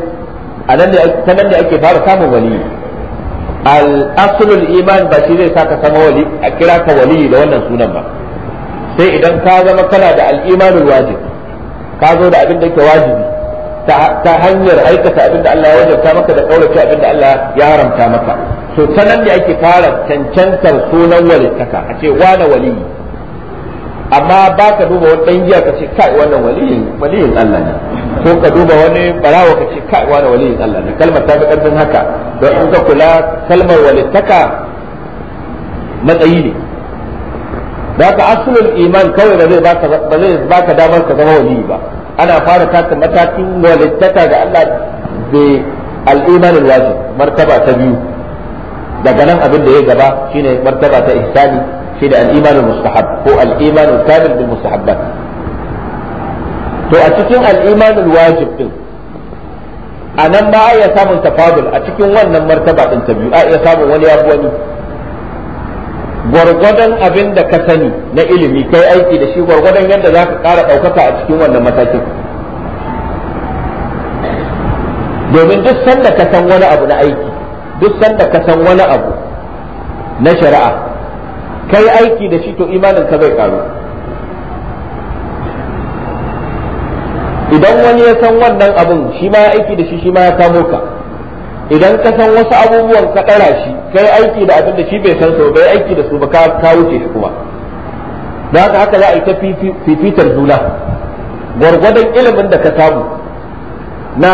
Speaker 2: anan ne ta nan ne ake fara samun wali al-aslul iman ba shi zai saka sama wali a kira ka wali da wannan sunan ba sai idan ka zama kana da al-imanul wajib ka zo da abin da yake wajibi ta hanyar aikata abin da Allah ya wajabta maka da kaurace abin da Allah ya haramta maka to sanan da ake fara cancantar sunan walittaka a ce wani waliyi amma ba ka duba wani dan ka ce kai wannan waliyin waliyin Allah ne ko ka duba wani barawa ka ce kai wannan waliyin Allah ne kalmar ta fi karfin haka don in ka kula kalmar walittaka matsayi ne da ka asulul iman kawai da zai ba zai damar ka zama waliyi ba ana fara taka matakin walittaka da Allah da al'imanin iman martaba ta biyu daga nan abin da ya gaba shine martaba ta ihsani shine al-iman al-mustahab ko al'imanin iman al-kamil bil mustahabbat to a cikin al'imanin iman al-wajib din a nan ba a iya samun tafadul a cikin wannan martaba din ta biyu a iya samun wani ya wani gwargwadon abin da ka sani na ilimi kai aiki da shi gwargwadon yadda za ka ƙara ɗaukaka a cikin wannan matakin domin duk sanda ka san wani abu na aiki duk sanda ka san wani abu na shari'a kai aiki da shi to imanin ka zai karu idan wani ya san wannan abun shi ma ya aiki da shi shi ma ya kamo ka idan ka san wasu abubuwan ka ɗara shi kai aiki da abin da shi bai san so bai aiki da su ba ka wuce shi kuma da haka haka za a yi ta fifitar juna gwargwadon ilimin da ka samu na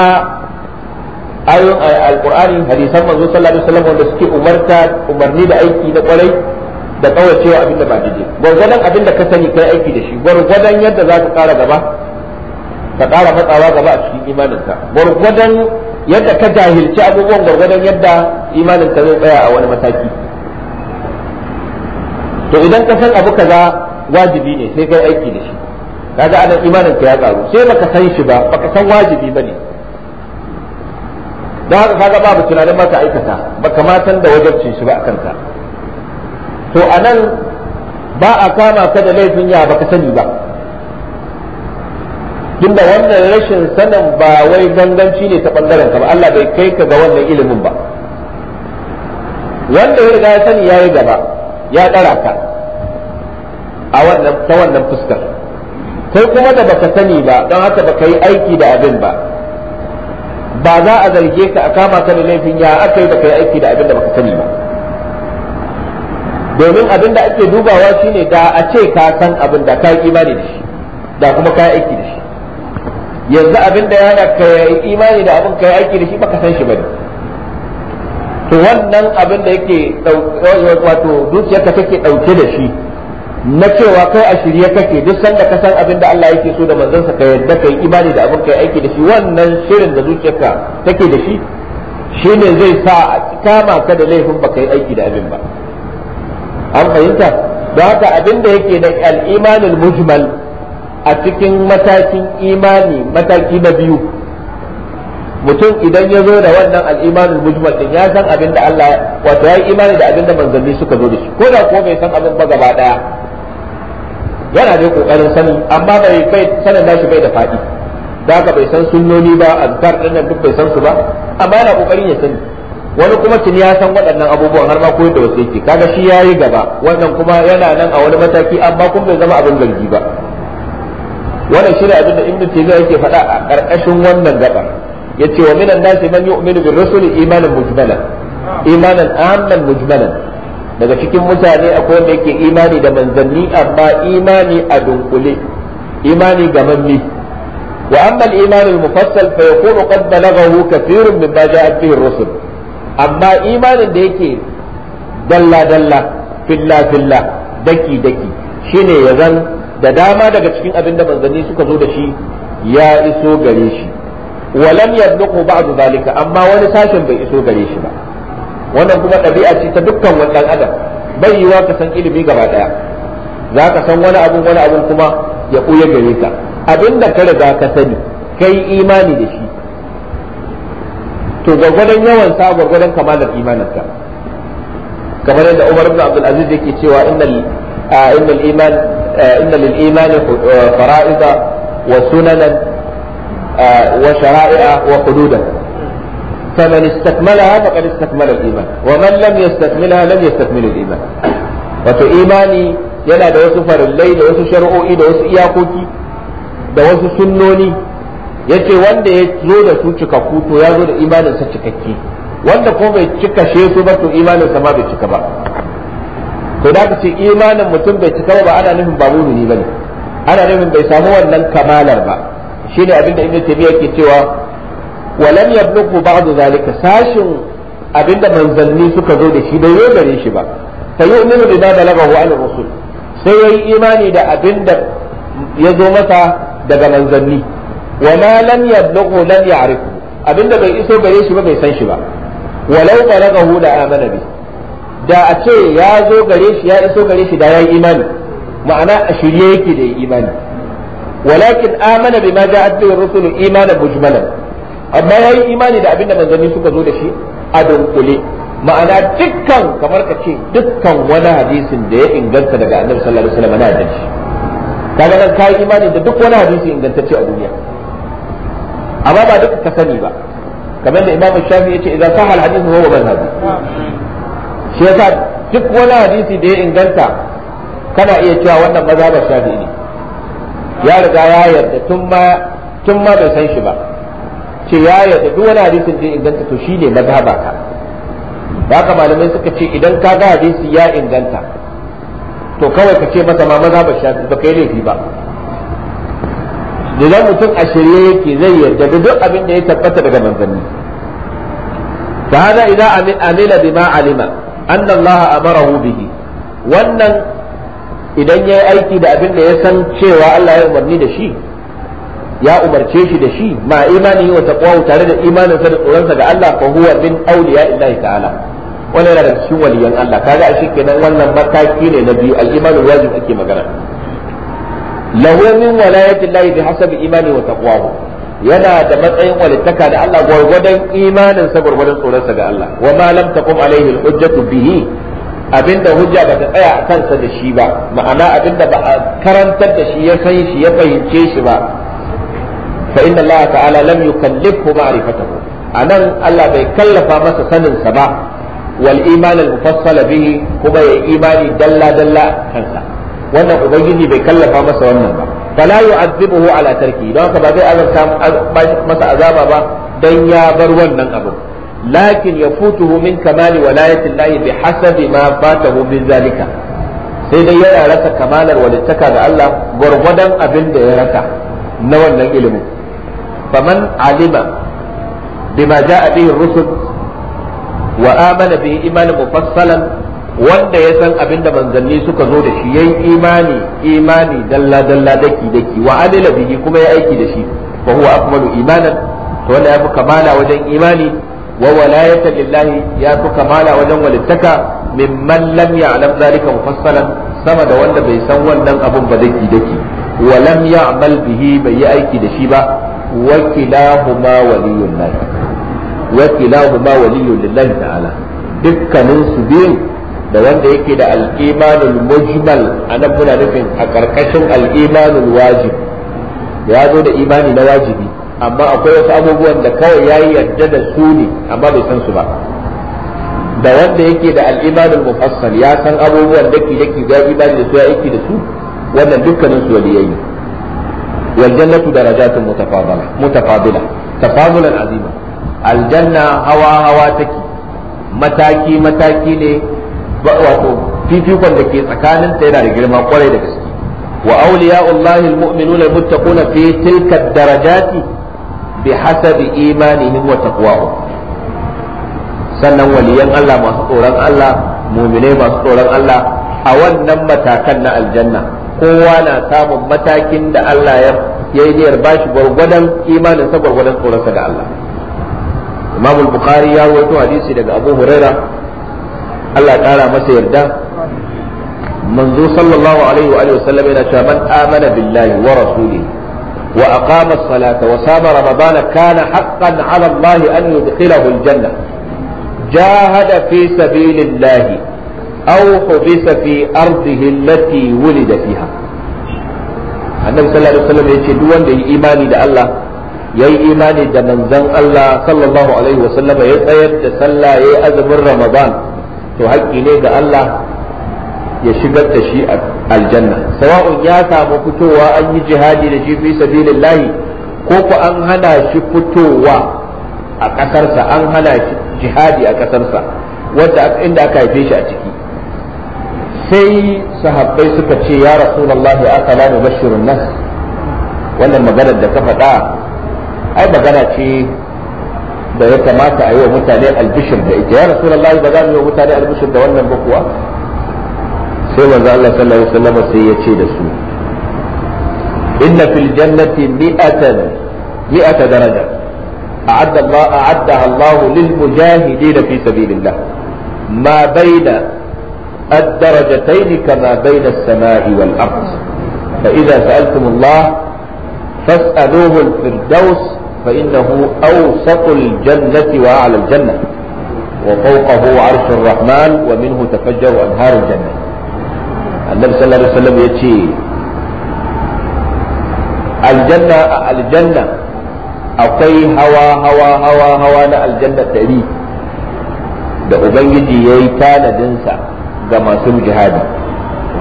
Speaker 2: ayon alkur'ani hadisan manzo sallallahu alaihi wasallam wanda suke umarta umarni da aiki da kwarai da kawacewa abin da ba daidai gwargwadon abin da ka sani kai aiki da shi gwargwadon yadda za ka kara gaba ka kara matsawa gaba a cikin imaninka gwargwadon yadda ka jahilci abubuwan gwargwadon yadda imanin ka zai tsaya a wani mataki to idan ka san abu kaza wajibi ne sai kai aiki da shi kaga anan imanin ka ya karu sai baka san shi ba baka san wajibi bane da haka kaga babu tunanin maka ka aikata baka ma san da wajibcin shi ba akan ka to anan ba a kama ka da laifin ya baka sani ba tunda wannan rashin sanin ba wai ganganci ne ta bangaren ka ba Allah bai kai ka ga wannan ilimin ba wanda ya riga ya sani yayi gaba ya dara ka a wannan ta wannan fuskar kai kuma da baka sani ba don haka baka yi aiki da abin ba ba za a zarge ka a kama ka da laifin ya aka yi baka yi aiki da abin da baka sani ba domin abin da ake dubawa shine da a ce ka san abin da ka yi imani da shi da kuma ka yi aiki da shi yanzu abin da yana ka imani da abin ka yi aiki da shi baka san shi bane to wannan abin da yake wato zuciyarka take dauke da shi na cewa kai a shirye kake duk sanda ka san abin da Allah yake so da sa ka yarda kai imani da abin kai aiki da shi wannan shirin da zuciyarka take da shi shine zai sa a kama ka da laifin ba kai aiki da abin ba an fahimta don haka abin da yake da al-imanul mujmal a cikin matakin imani mataki na biyu mutum idan ya zo da wannan al'imanin mujmal din ya san abin da Allah wato ya yi imani da abin da manzanni suka zo da shi ko da ko bai san abin ba gaba daya yana da kokarin sani amma bai bai sanin nashi bai da fadi da haka bai san sunnoni ba azkar din nan duk bai san su ba amma yana kokarin ya sani wani kuma tun ya san waɗannan abubuwan har ma koyar da wasu yake kaga shi yayi gaba wannan kuma yana nan a wani mataki amma kuma bai zama abin zargi ba wannan shine abin da ibnu taymiya yake faɗa a ƙarƙashin wannan gabar yace wa minan nasi man yu'minu bir rasuli imanan mujmalan imanan amman mujmalan daga cikin mutane akwai wanda yake imani da manzanni amma imani a dunkule imani gamanni wa amma al-iman al-mufassal fa yakunu qad balaghahu kathirun mimma ja'at bihi rusul amma imanin da yake dalla dalla filla filla daki daki shine ya da dama daga cikin abin da manzanni suka zo da shi ya iso gare shi walam yablughu ba'du zalika amma wani sashen bai iso gare shi ba wannan kuma ɗabi'a ce ta dukkan wannan adam bai yiwa ka san ilimi gaba ɗaya zaka san wani abu wani abu kuma ya ɓuya gare ka abin da ka riga ka sani kai imani da shi to gwargwadon yawan sa gwargwadon kamalar ka kamar yadda Umar ibn Abdul Aziz yake cewa innal innal iman inna lil imani fara'ida wa sunanan wa shara'i'a wa hududan فمن استكملها فقد استكمل الإيمان ومن لم يستكملها لم يستكمل الإيمان wato imani yana da wasu farillai da wasu shari'o'i da wasu iyakoki da wasu sunnoni yace wanda ya zo da su cikakku to ya zo da imaninsa cikakke wanda ko bai cika shesu ba to imaninsa ma bai cika ba to da ce imanin mutum bai cika ba ana nufin ba mumini bane ana nufin bai samu wannan kamalar ba shine abin da ibnu taymiya ke cewa walam yablughu ba'du zalika sashin abinda manzanni suka zo da shi bai zo gare shi ba fa yu'minu bima balaghahu an rusul sai yayi imani da abinda ya zo mata daga manzanni wa ma lam yablughu lam ya'rifu abinda bai iso gare shi ba bai san shi ba walau balaghahu la amana bihi da a ce ya zo gare shi ya iso gare shi da ya yi imani ma'ana a shirye yake da ya imani walakin amana bima ja'at bihi rusul imanan mujmalan amma ya yi imani da abinda manzanni suka zo da shi a dunkule ma'ana dukkan kamar ka ce dukkan wani hadisin da ya inganta daga annabi sallallahu alaihi wasallam na da shi kaga nan kai imani da duk wani hadisi ingantacce a duniya amma ba duka ka sani ba kamar da imamu shafi yace idan sahal hadisi huwa manhaji shi yasa duk wani hadisi da ya inganta kana iya cewa wannan maza da shafi ne ya riga ya yarda tun ma tun ma bai san shi ba ce ya yarda duk wani hadisin da ya inganta to shi ne maza ba ka haka malamai suka ce idan ka ga hadisi ya inganta to kawai ka ce masa ma maza ba shafi ba kai laifi ba idan mutum a shirye yake zai yarda da duk abin da ya tabbata daga manzanni fa hada idan amila bima alima anna Allah amarahu bihi wannan idan yayi aiki da abin da ya san cewa Allah ya umarni da shi ya umarce shi da shi ma imani wa taqwa tare da imaninsa da tsoronsa ga Allah fa huwa min awliya illahi ta'ala wannan yana da cikin waliyan Allah kaga a kenan wannan mataki ne na biyu al-imanul wajib ake magana lahu min walayati illahi bihasabi imani wa taqwahu yana da matsayin walittaka da Allah gwargwadon imanin sa gwargwadon tsoronsa ga Allah wa ma lam taqum alaihi hujjatu bihi abinda hujja ba ta tsaya a kansa da shi ba ma'ana abinda ba a karantar da shi ya san shi ya fahimce shi ba fa inna Allah ta'ala lam yukallifhu ma'rifatahu anan Allah bai kallafa masa sanin sa ba wal iman al mufassal bihi kuma ya imani dalla dalla kansa wannan ubangiji bai kallafa masa wannan ba fala yu'azzibuhu ala tarki don haka ba zai azabta masa azaba ba dan ya bar wannan abu lakin yafutuhu min kamali walayati llahi bihasabi ma fatahu min zalika sai dai yana rasa kamalar walittaka ga Allah gwargwadon abinda ya rasa na wannan ilimin faman alima bima ja'a bihi rusul wa amana bihi mu fassalan. wanda ya san abin da manzanni suka zo da shi yayi imani imani dalla dalla daki daki wa adala bihi kuma ya aiki da shi fa huwa akmalu imanan to wanda yafi kamala wajen imani wa walayata lillahi yafi kamala wajen walittaka mimman lam ya'lam zalika mufassalan sama da wanda bai san wannan abun ba daki daki wa lam ya'mal bihi bai yi aiki da shi ba wa kilahuma waliyullahi wa kilahuma waliyullahi ta'ala dukkanin su biyu da wanda yake da al'imanul mujmal anan muna nufin a ƙarƙashin al'imanul wajib ya zo da imani na wajibi amma akwai wasu abubuwan da kawai yayi yadda da su ne amma bai san su ba da wanda yake da al'imanul mufassal ya san abubuwan daki daki ga imani da su ya aiki da su wannan dukkanin su waliyayi wal jannatu darajatun mutafadila mutafadila tafadulan azima aljanna hawa hawa take mataki mataki ne wato fifikon da ke tsakanin ta yana da girma kwarai da gaske wa awliya'ullahi almu'minuna almuttaquna fi tilka darajati bihasabi imanihim wa sannan waliyan Allah masu tsoron Allah mu'minai masu tsoron Allah a wannan matakan na aljanna kowa na samun matakin da Allah ya yayi niyyar bashi gwargwadon imanin sa gwargwadon tsoron ga Allah Imam al-Bukhari ya rawaito hadisi daga Abu Hurairah Allah ya kara masa yarda manzo sallallahu alaihi wa alihi wasallam yana cewa man amana billahi wa rasulihi wa aqama as-salata wa sama ramadana kana haqqan ala Allah an yudkhilahu al-janna jahada fi sabilillahi aw hubisa fi ardihi allati wulida fiha annabi sallallahu alaihi wasallam yace duk wanda yi imani da Allah yayi imani da manzon Allah sallallahu alaihi wasallam ya tsayar da sallah yayi azumin ramadan to haƙƙi ne ga Allah ya shigar da shi aljanna sawa'un ya samu fitowa an yi jihadi da shi fi sabilillahi ko ku an hana shi fitowa a ƙasarsa an hana shi jihadi a ƙasarsa wadda inda aka haife shi a ciki sai sahabbai suka ce ya rasulullahi aka la bashirun nas wannan maganar da ka faɗa ai magana ce da ya kamata a yi wa mutane albishir da ita ya rasu rasulullahi ba za mu yi wa mutane albishir da wannan ba kuwa sai manzo Allah sallallahu alaihi wasallam sai ya ce da su inna fil jannati mi'atan mi'ata daraja أعد الله أعدها الله للمجاهدين في سبيل الله ما بين الدرجتين كما بين السماء والأرض فإذا سألتم الله فاسألوه الفردوس فإنه أوسط الجنة وأعلى الجنة وفوقه عرش الرحمن ومنه تفجر أنهار الجنة النبي صلى الله عليه وسلم الجنة الجنة akwai hawa hawa hawa hawa na aljanna ɗari da ubangiji ya yi tanadinsa ga masu jihadi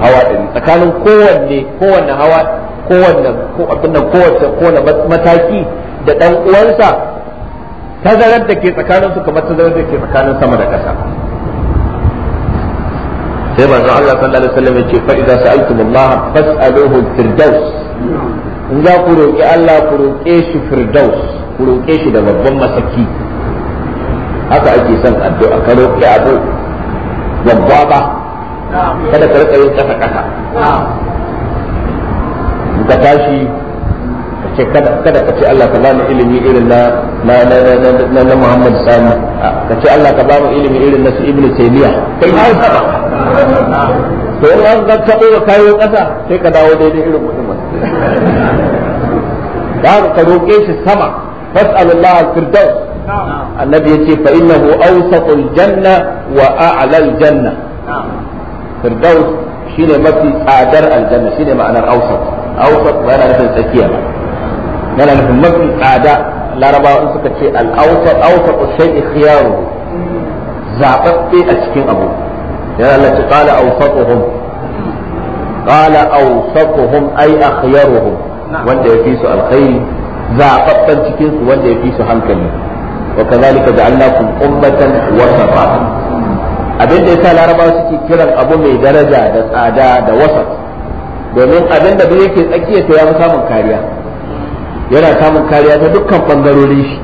Speaker 2: hawa ɗari tsakanin kowanne kowanne hawa kowanne kowanne mataki da ɗan uwansa tazarar da ke tsakanin su kamar tazarar da ke tsakanin sama da ƙasa sai ba manzon Allah sallallahu alaihi wasallam ya ce fa idza Allah fas'aluhu firdaus in za ku roki Allah ku roke shi firdaus ku roke shi da babban masaki haka ake son addu'a ka roki abu babba ba kada ka rika yin kasa kasa ka tashi ce kada kada ka ce Allah ka bani ilimi irin na na na na na, Muhammad Sani ka ce Allah ka bani ilimi irin na su Ibn Taymiya kai ai saba to in an ga tabo ka kayo kasa sai ka dawo daidai irin mutumin da ka roke shi sama fas'alullah al-firdaus annabi yace fa innahu awsatul janna wa a'la al-janna firdaus shine mafi tsadar aljanna shine ma'anar awsat awsat ba yana nufin tsakiya ba yana nufin mafi tsada larabawa in suka ce al'auta autar usai ikhiyaru zaɓaɓɓe a cikin abu yana Allah ce qala awsatuhum qala awsatuhum akhyaruhum wanda ya fi su alkhairi zaɓaɓɓen cikin su wanda ya fi su hankali wa kadhalika ja'alnakum ummatan wasata abin da yasa larabawa suke kiran abu mai daraja da tsada da wasat domin abin da yake tsakiya ta ya fi samun kariya yana samun kariya ta dukkan bangarorin shi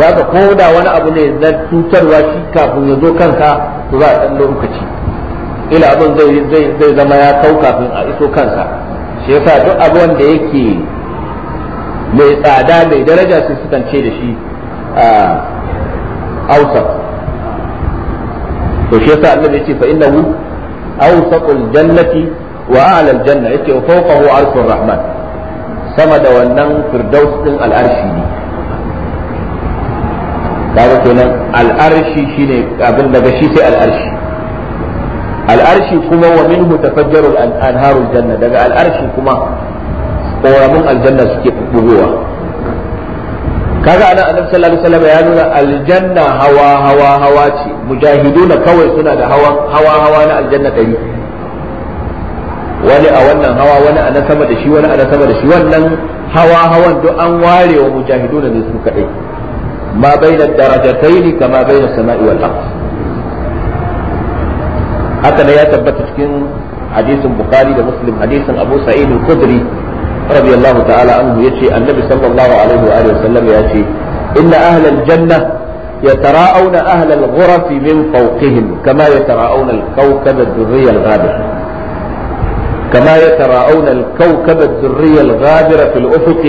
Speaker 2: za ka ko wani abu ne na cutarwa shi kafin ya zo kanka to za a ɗan lokaci ila abin zai zama ya kau kafin a iso kansa shi yasa duk abu wanda yake mai tsada mai daraja sai sukan ce da shi a ausat to shi yasa ya yace fa innahu awsatul jannati wa a'la al-janna yace fawqahu arshur rahman sama da wannan firdaus ɗin al'arshi ne kaga kenan al'arshi shi ne abin daga shi sai al'arshi al'arshi kuma wa minhu tafajjaru anharul janna daga al'arshi kuma koramin aljanna suke bugowa kaga anan annabi sallallahu alaihi wasallam ya nuna aljanna hawa hawa hawa ce mujahiduna kawai suna da hawa hawa hawa na aljanna dari wani a wannan hawa wani a na sama da shi wani a na sama da shi wannan hawa hawan duk an ware wa mujahiduna ne su kadai ma baina darajataini kama baina sama'i wal ard haka ne ya tabbata cikin hadisin bukhari da muslim hadisin abu sa'id al-khudri radiyallahu ta'ala anhu yace annabi sallallahu alaihi wa alihi wasallam yace inna ahla al-janna min أهل kama من فوقهم كما يتراءون الكوكب الدري الغابر كما يتراءون الكوكب الذري الغابر في الأفق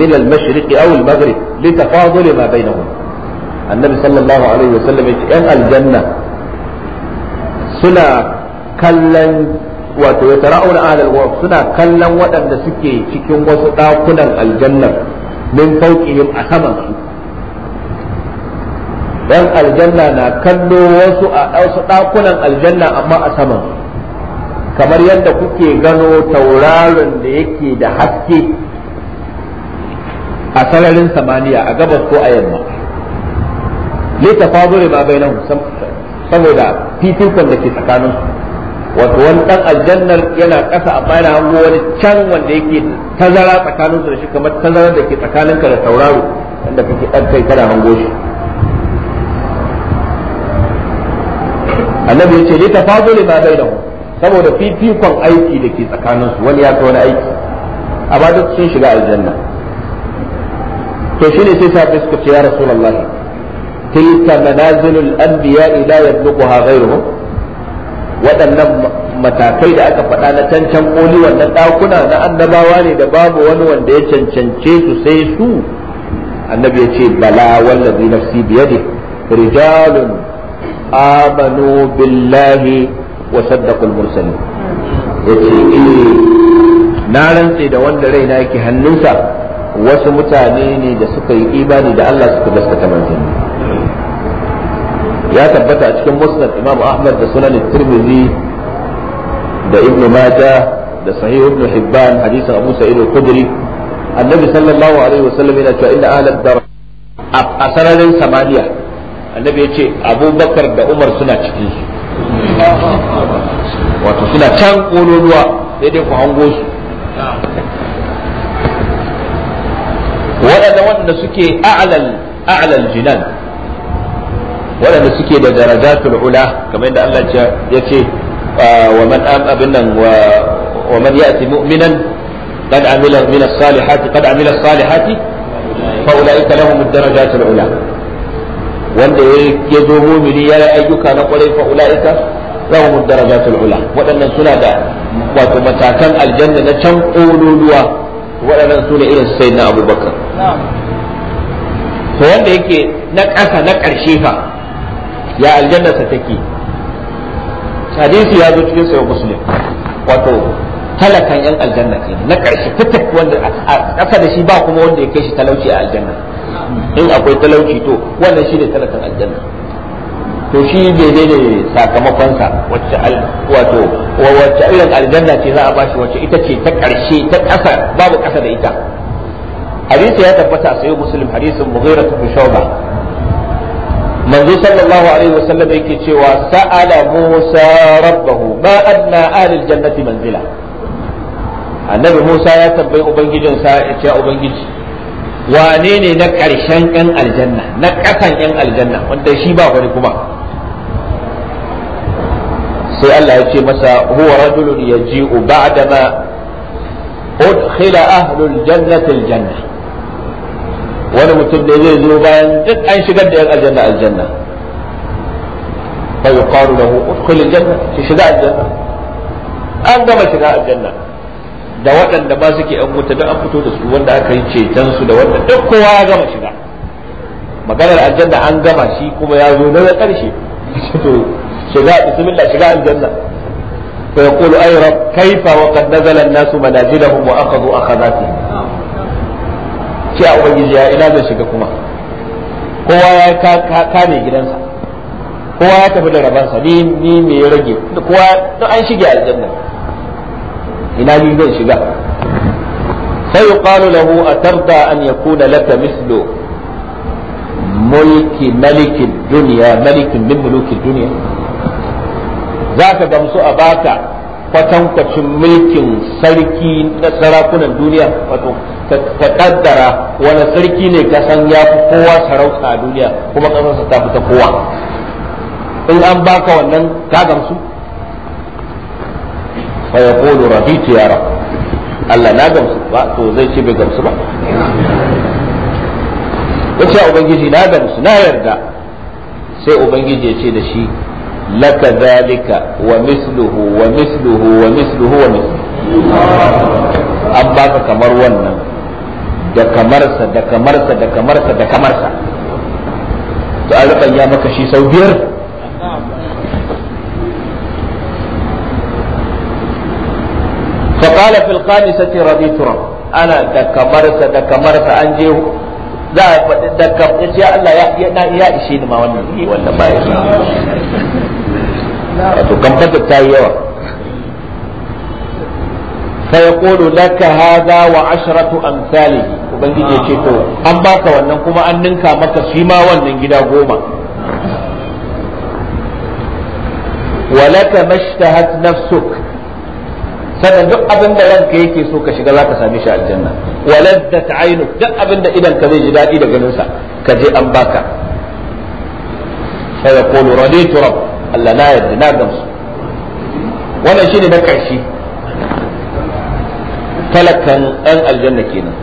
Speaker 2: من المشرق أو المغرب لتفاضل ما بينهم النبي صلى الله عليه وسلم يقول الجنة سنة كلا wato ya tara'una ahlal ghuraf suna kallon waɗanda suke cikin wasu ɗakunan aljannar min fauqihim a saman su aljanna na kallo wasu a ɗakunan aljanna amma a saman su kamar yadda kuke gano tauraron da yake da haske a sararin samaniya a gabas ko a yamma ne ta fadure ma bai saboda fifikon da ke tsakanin wato wani dan aljannar yana ƙasa a bayan hango wani can wanda yake tazara tsakanin su da shi kamar tazara da ke tsakanin ka da tauraro wanda kake ɗan kai kana hango shi annabi ya ce ne ta fadure ma bai saboda fifikon aiki da ke tsakaninsu wani ya ta wani aiki amma duk sun shiga aljanna to shine sai sahabbai suka ce ya rasulullahi tilka manazilul anbiya la yabluquha ghayruhum waɗannan matakai da aka faɗa na cancan koli wannan ɗakuna na annabawa ne da babu wani wanda ya cancance su sai su annabi ya ce bala wallazi nafsi biyadi rijalun amanu billahi wa saddaqal mursalin yace eh na rantse da wanda raina yake hannunsa wasu mutane ne da suka yi imani da Allah suka gaskata manzanni ya tabbata a cikin musnad Imam Ahmad da Sunan Tirmidhi da Ibn Majah da Sahih Ibn Hibban hadisin Abu Sa'id al-Khudri annabi sallallahu alaihi wasallam yana cewa inna ahlad dar a sararin samaniya annabi ya ce abubakar da umar suna cikin su wato suna can ƙololuwa sai dai ku hango su waɗanda wanda suke a'lal a'lal jinan waɗanda suke da daraja ula kamar yadda Allah ya ce ah, wa man am abin nan wa man ya'ti mu'minan qad amila min as-salihati qad amila as-salihati fa ulaika lahum ad-darajatul ula wanda ya zo mumini ya yi ayyuka na kwarai fa ula'ika lahum darajatul ula waɗannan suna da wato matakan aljanna na can ƙololuwa waɗannan suna ne irin sayyidina abubakar to wanda yake na ƙasa na ƙarshe fa ya aljannarsa take hadisi ya zo cikin sayo muslim wato talakan yan aljanna ke na ƙarshe fitar wanda a ƙasa da shi ba kuma wanda ya kai shi talauci a aljanna in akwai talauci to wannan shi ne talakan aljanna to shi daidai da sakamakonsa wacce wato wacce irin aljanna ce za a bashi wacce ita ce ta ƙarshe ta ƙasa babu ƙasa da ita hadisi ya tabbata a sayo muslim hadisin mughira bin shuba manzo sallallahu alaihi wasallam yake cewa sa'ala musa rabbahu ma adna alil jannati manzila annabi musa ya tambayi ubangijinsa ya ce ubangiji wane ne na ƙarshen 'yan aljanna na ƙasan 'yan aljanna wanda shi ba wani kuma sai Allah ya ce masa huwa rajulun yaji'u ba'da ma udkhila ahlul jannati aljanna wani mutum da zai zo bayan duk an shigar da 'yan aljanna aljanna fa yuqalu lahu udkhil aljanna shi shiga aljanna an gama shiga aljanna da waɗanda ba suke yan wuta don an fito da su wanda aka yi ceton su da wanda duk kowa ya gama shiga maganar aljanna an gama shi kuma ya zo na ƙarshe to shiga bismillah shiga aljanna fa yaqulu ay rabb kayfa wa qad nazala an-nasu manazilahum wa akhadhu akhadhatihim ce a ubangiji ya ina zai shiga kuma kowa ya kame gidansa kowa ya tafi da rabansa ni ni me ya rage kowa an shige aljanna ina ni zan shiga sai yuqalu lahu atarda an yakuna laka mislu mulki malikin duniya malikin min mulukin duniya za ka gamsu a baka kwatankwacin mulkin sarki na sarakunan duniya wato ka kaddara wani sarki ne ka san ya fi kowa sarauta a duniya kuma kasarsa ta fi ta kowa in an baka wannan ka gamsu fa yaqulu raditu ya rab Allah na gamsu ba to zai ce bai gamsu ba yace ubangiji na gamsu na yarda sai ubangiji ya ce da shi laka zalika wa misluhu wa misluhu wa misluhu wa misluhu an baka kamar wannan da kamarsa da kamarsa da kamarsa da kamarsa to an ya maka shi sau biyar fa qala fil khamisati raditu ana da kamarsa da kamarsa an je za a faɗi da kamar sai Allah ya ishe ni ma wannan ni wannan ba ya to kamfar ta yi yawa fa yaqulu laka wa an wannan kuma an ninka maka shi wannan gida goma ولك ما اشتهت نفسك kada duk abin da ranka yake so ka shiga ka same shi aljanna waladdat aynu duk abin da idan ka zai ji daɗi da ganin sa ka je an baka fa kolo raditu rabb Allah na yadda na gamsu wannan ne na karshe talakan ɗan aljanna kenan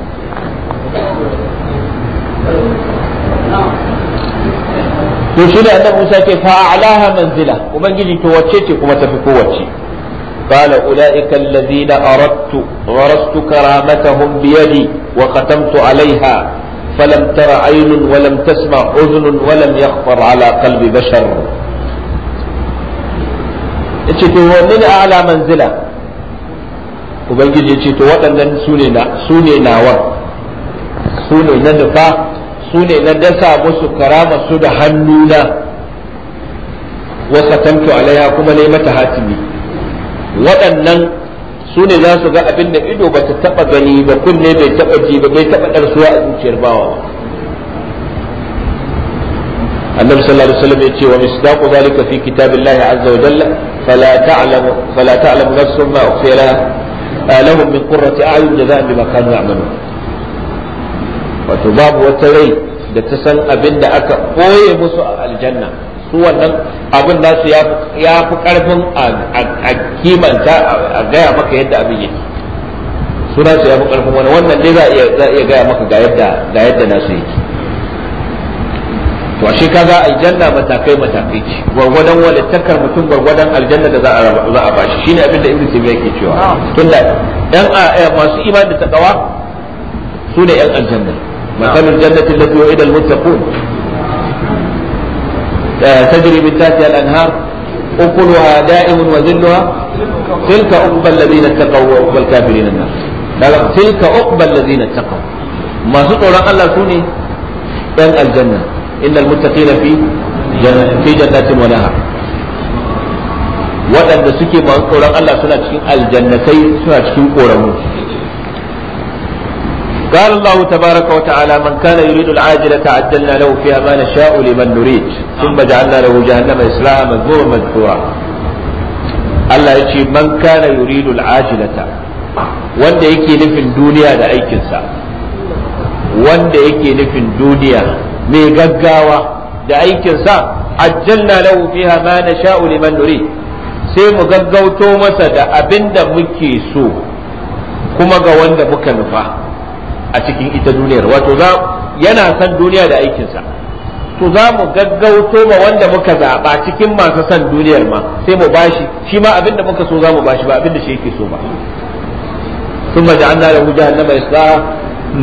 Speaker 2: to shi da annabi Musa ke fa a'laha manzila ubangiji to wacce ce kuma tafi kowace قال أولئك الذين أردت غرست كرامتهم بيدي وختمت عليها فلم تر عين ولم تسمع أذن ولم يخطر على قلب بشر yace to wanne ne ala manzila ubangiji yace to waɗannan sune na sune nawa sune na nufa sune na dasa musu karama su da hannuna wa alaiha kuma ne mata hatimi waɗannan su ne za su ga abin da ido ba ta taɓa gani ba kunne bai taɓa ji ba bai taɓa ɗarsuwa a zuciyar bawa ba annabi sallallahu alaihi wasallam ce wa misdaqu zalika fi kitabillahi azza wa jalla fala ta'lamu fala ta'lamu nafsun ma ukhfiya laha lahum min qurrati a'yun jazaa'an bima kanu ya'malun wato babu wata rai da ta san abin da aka koye musu a aljanna su wannan abin nasu ya fi karfin a kimanta a gaya maka yadda abin yake su su ya fi karfin wani wannan dai za a iya gaya maka ga yadda nasu yake to shi kaga aljanna matakai matakai ce gwargwadon takar mutum gwargwadon aljanna da za a ba shi bashi shine abin da ibnu taymiya yake cewa ah. tunda dan masu imanin da ta kawa su ne yan aljanna ah. masalul jannati allati wa'ida al تجري من تحتها الأنهار أكلها دائم وذلها تلك عقبى الذين اتقوا وعقبى الكافرين النار تلك عقبى الذين اتقوا ما سطر الله سوني أن الجنة إن المتقين في جنة في جنات ونهر waɗanda suke masu tsoron Allah suna cikin aljannatai suna cikin ƙoramu قال الله تبارك وتعالى من كان يريد العاجلة عجلنا له فيها ما نشاء لمن نريد ثم جعلنا له جهنم يصلاها مذموما مدحورا الله يجي من كان يريد العاجلة wanda yake nufin duniya da aikinsa wanda yake nufin duniya mai gaggawa da aikinsa ajjalna lahu fiha ma nasha'u liman nuri sai mu gaggauto masa da abin da muke so kuma ga wanda muka nufa a cikin ita duniyar wato za yana san duniya da aikinsa to za mu gaggauto ma wanda muka zaɓa cikin masu san duniyar ma sai mu bashi shi ma abin da muka so za mu bashi ba abin da shi yake so ba da mu له جهنم يصلاها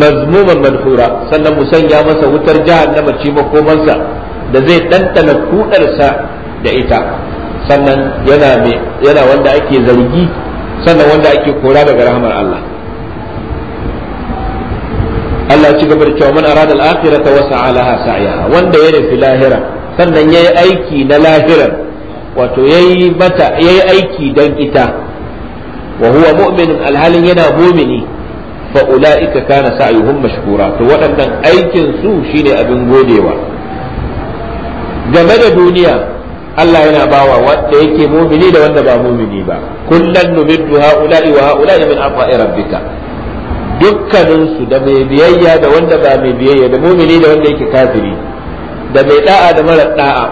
Speaker 2: mazmuman madhura sannan mu sanya masa wutar jahannama ce makomansa da zai ɗanɗana kuɗarsa da ita sannan yana wanda ake zargi sannan wanda ake kora daga rahamar Allah Allah ya ci gaba da cewa man arada al-akhirata wa sa'alaha sa'yaha wanda ya nufi lahira sannan yayi aiki na lahirar wato yayi mata yayi aiki dan ita wa huwa alhalin yana mu'mini fa ulaika kana sa'yuhum mashkura to waɗannan aikin su shine abin godewa game da duniya Allah yana bawa wanda yake mu'mini da wanda ba mu'mini ba kullan numiddu ha'ula'i wa ha'ula'i min ata'i rabbika dukkaninsu da mai biyayya da wanda ba mai biyayya da mumini da wanda yake kafiri da mai da'a da mara da'a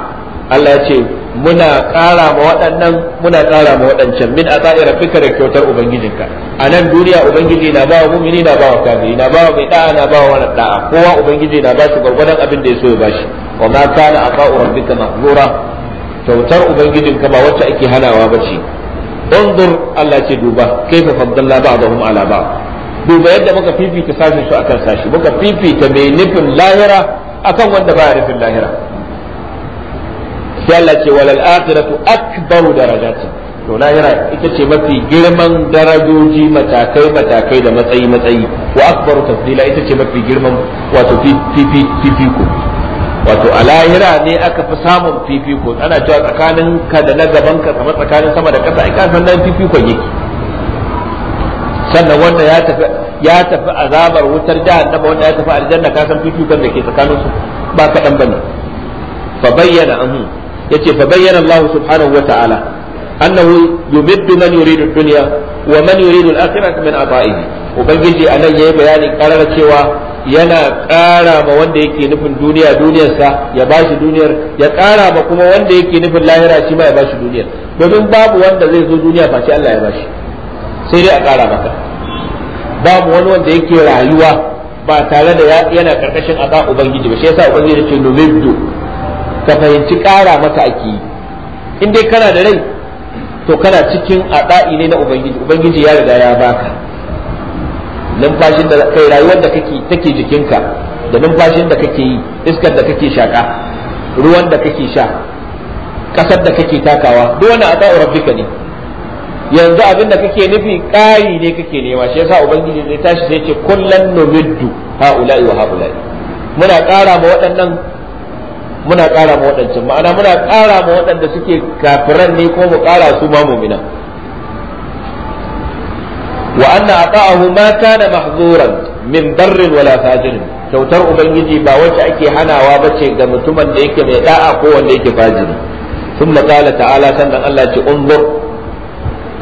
Speaker 2: Allah ya ce muna ƙara ma waɗannan muna ƙara ma waɗancan min a tsa'ira fika da kyautar ubangijinka a nan duniya ubangiji na ba wa mumini na ba wa kafiri na ba wa mai da'a na ba wa mara da'a kowa ubangiji na ba su gwargwadon abin da ya so ya ba shi wa ma kana a fa'u rabbika mahzura kyautar ubangijinka ba wacce ake hanawa ba ce انظر Allah ce duba فضلنا بعضهم على بعض duba yadda muka fifita sashin su akan sashi muka fifita mai nufin lahira akan wanda baya nufin lahira sai Allah ce walal akhiratu akbaru darajatin to lahira ita ce mafi girman darajoji matakai matakai da matsayi matsayi wa akbaru tafdila ita ce mafi girman wato fifiko wato a lahira ne aka fi samun fifiko ana cewa tsakanin ka da na gaban ka tsakanin sama da ƙasa ai ka san nan fifikon yake sannan wanda ya tafi ya tafi azabar wutar jahannama wanda ya tafi aljanna ka san da ke tsakanin su ba kaɗan bane fa bayyana anhu yace fa bayyana Allah subhanahu wa ta'ala annahu yumiddu man yuridu dunya wa man yuridu al-akhirata min ata'ihi ubangiji anan yayi bayani karar cewa yana ƙara ma wanda yake nufin duniya duniyarsa ya bashi duniyar ya ƙara ma kuma wanda yake nufin lahira shi ma ya bashi duniyar domin babu wanda zai zo duniya face Allah ya bashi sai dai a ƙara maka babu wani wanda yake rayuwa ba tare da yana karkashin aza ubangiji ba shi yasa ubangiji ce numiddu ka fahimci kara maka ake yi in dai kana da rai to kana cikin ada'i ne na ubangiji ubangiji ya riga ya baka numfashin da kai rayuwar da kake take jikinka da numfashin da kake yi iskar da kake shaka ruwan da kake sha kasar da kake takawa duk wani ata'u rabbika ne yanzu abin da kake nufi ƙari ne kake nema shi yasa ubangiji zai tashi sai ce kullan numiddu haula'i wa haula'i muna ƙara ma waɗannan muna ƙara ma waɗancan ma'ana muna ƙara ma waɗanda suke kafiran ne ko mu ƙara su ma mu'mina wa anna ata'ahu ma kana mahzuran min darrin wala fajirin kyautar ubangiji ba wacce ake hanawa ba ce ga mutumin da yake mai da'a ko wanda yake fajiri ta'ala ta'ala allah سنة ce انظر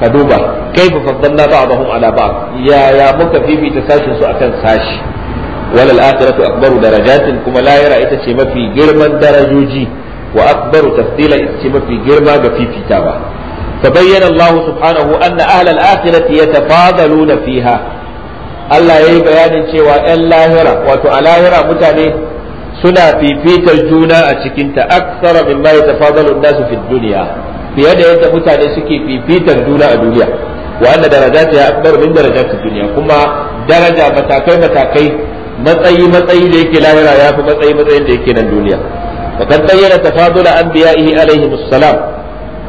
Speaker 2: ka duba kaifa faddalna ba'dahum ala ba'd ya ya muka fifita sashin su akan sashi wal akhiratu akbaru darajatin kuma lahira ita ce mafi girman darajoji wa akbaru tafdila ita ce mafi girma ga fifitawa فبين الله سبحانه أن أهل الآخرة يتفاضلون fiha. Allah ya yi bayanin cewa ‘yan lahira, wato a lahira mutane suna fifitar juna a cikinta, aksara min ma ya nasu fi duniya. fiye da yadda mutane suke fifitar juna a duniya wanda daraja ta ya akbar min ta duniya kuma daraja matakai matakai matsayi matsayi da yake lahira ya fi matsayi matsayin da yake nan duniya kan bayyana tafadula anbiya'ihi alaihi musallam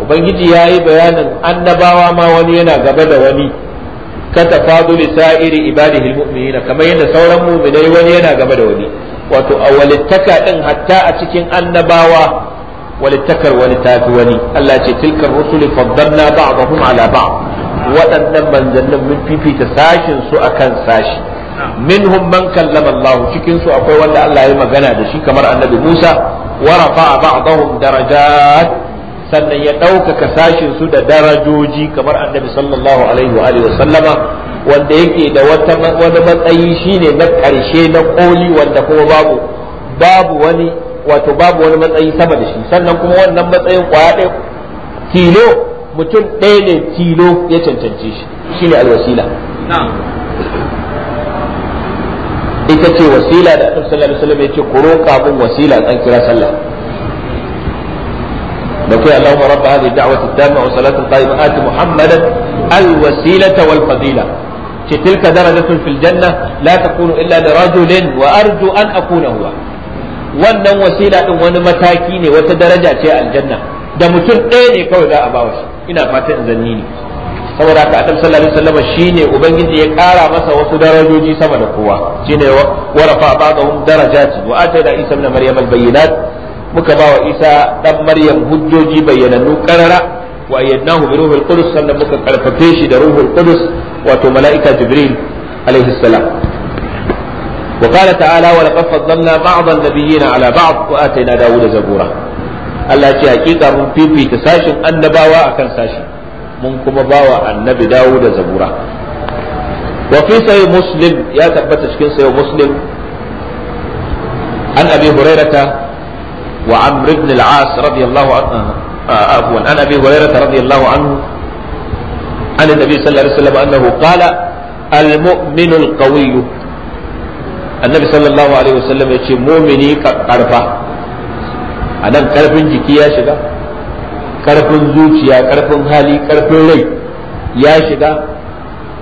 Speaker 2: ubangiji ya yi bayanin annabawa ma wani yana gaba da wani ka tafaduli sa'iri ibadihi almu'minina kamar yadda sauran mu'minai wani yana gaba da wani wato awalittaka din hatta a cikin annabawa walittakar wani tafi wani Allah ce tilkar rusuli faddalna ba'dahum ala ba'd waɗannan manzannin mun fifita sashin su akan sashi minhum man kallama Allah cikin su akwai wanda Allah ya magana da shi kamar annabi Musa wa rafa'a ba'dahum darajat sannan ya ɗaukaka sashin su da darajoji kamar annabi sallallahu alaihi wa alihi sallama wanda yake da wata wani matsayi shine na ƙarshe na koli wanda kuma babu babu wani wato babu wani matsayi sama da shi sannan kuma wannan matsayin kwaya ɗaya tilo mutum ɗaya ne tilo ya cancance shi shi shine alwasila ita ce wasila da annabi sallallahu alaihi wasallam ce ku roƙa mun wasila an kira sallah da kai Allahumma rabb hadhihi da'wati tamma wa salatu qa'ima ati muhammadan alwasilata wal fadila ce tilka darajatun fil janna la takunu illa li rajulin wa arju an akuna huwa wannan wasila din wani mataki ne wata daraja ce aljanna da mutum ɗaya ne kawai za a bawa shi ina fata in zanni ne saboda haka annabi sallallahu alaihi wasallam shine ubangiji ya ƙara masa wasu darajoji sama da kowa shine warafa ba'dahum darajati wa atayna isa ibn maryam al-bayyinat muka bawa isa dan maryam hujjoji bayyanannu qarara wa ayyadnahu bi ruhil qudus sannan muka karfafe shi da ruhul qudus wato mala'ika jibril alaihi salam وقال تعالى ولقد فضلنا بعض النبيين على بعض واتينا داود زبورا Allah ce hakika mun fifita sashin a akan sashi mun kuma bawa annabi dawo da zabura wa fi muslim ya tabbata cikin sahih muslim an abi hurairata wa amr ibn al-as radiyallahu anhu afwan an abi hurairata radiyallahu anhu an annabi sallallahu alaihi al-mu'minu annabi sallallahu alaihi wasallam ya ce mumini karfa a nan karfin jiki ya shiga karfin zuciya karfin hali karfin rai ya shiga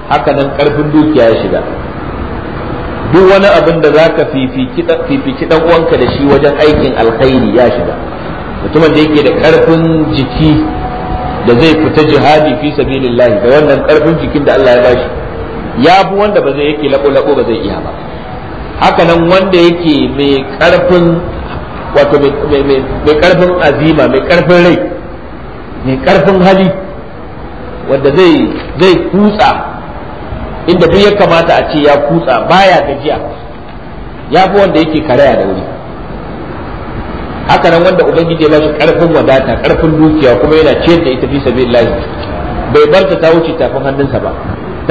Speaker 2: haka nan karfin dukiya ya shiga duk wani abin da za ka fifici dan uwanka da shi wajen aikin alkhairi ya shiga mutumin da yake da karfin jiki da zai fita jihadi fi sabilillahi da wannan karfin jikin da Allah ya bashi ya fi wanda ba zai yake labo labo ba zai iya ba hakanan wanda yake mai karfin wato mai karfin azima mai karfin rai mai karfin hali wanda zai zai kutsa inda duk ya kamata a ce ya kutsa baya gajiya ya fi wanda yake karaya da wuri haka nan wanda ubangiji ya bashi karfin wadata karfin dukiya kuma yana ciyar da ita fi sabilillah bai bar ta ta wuce tafin hannunsa ba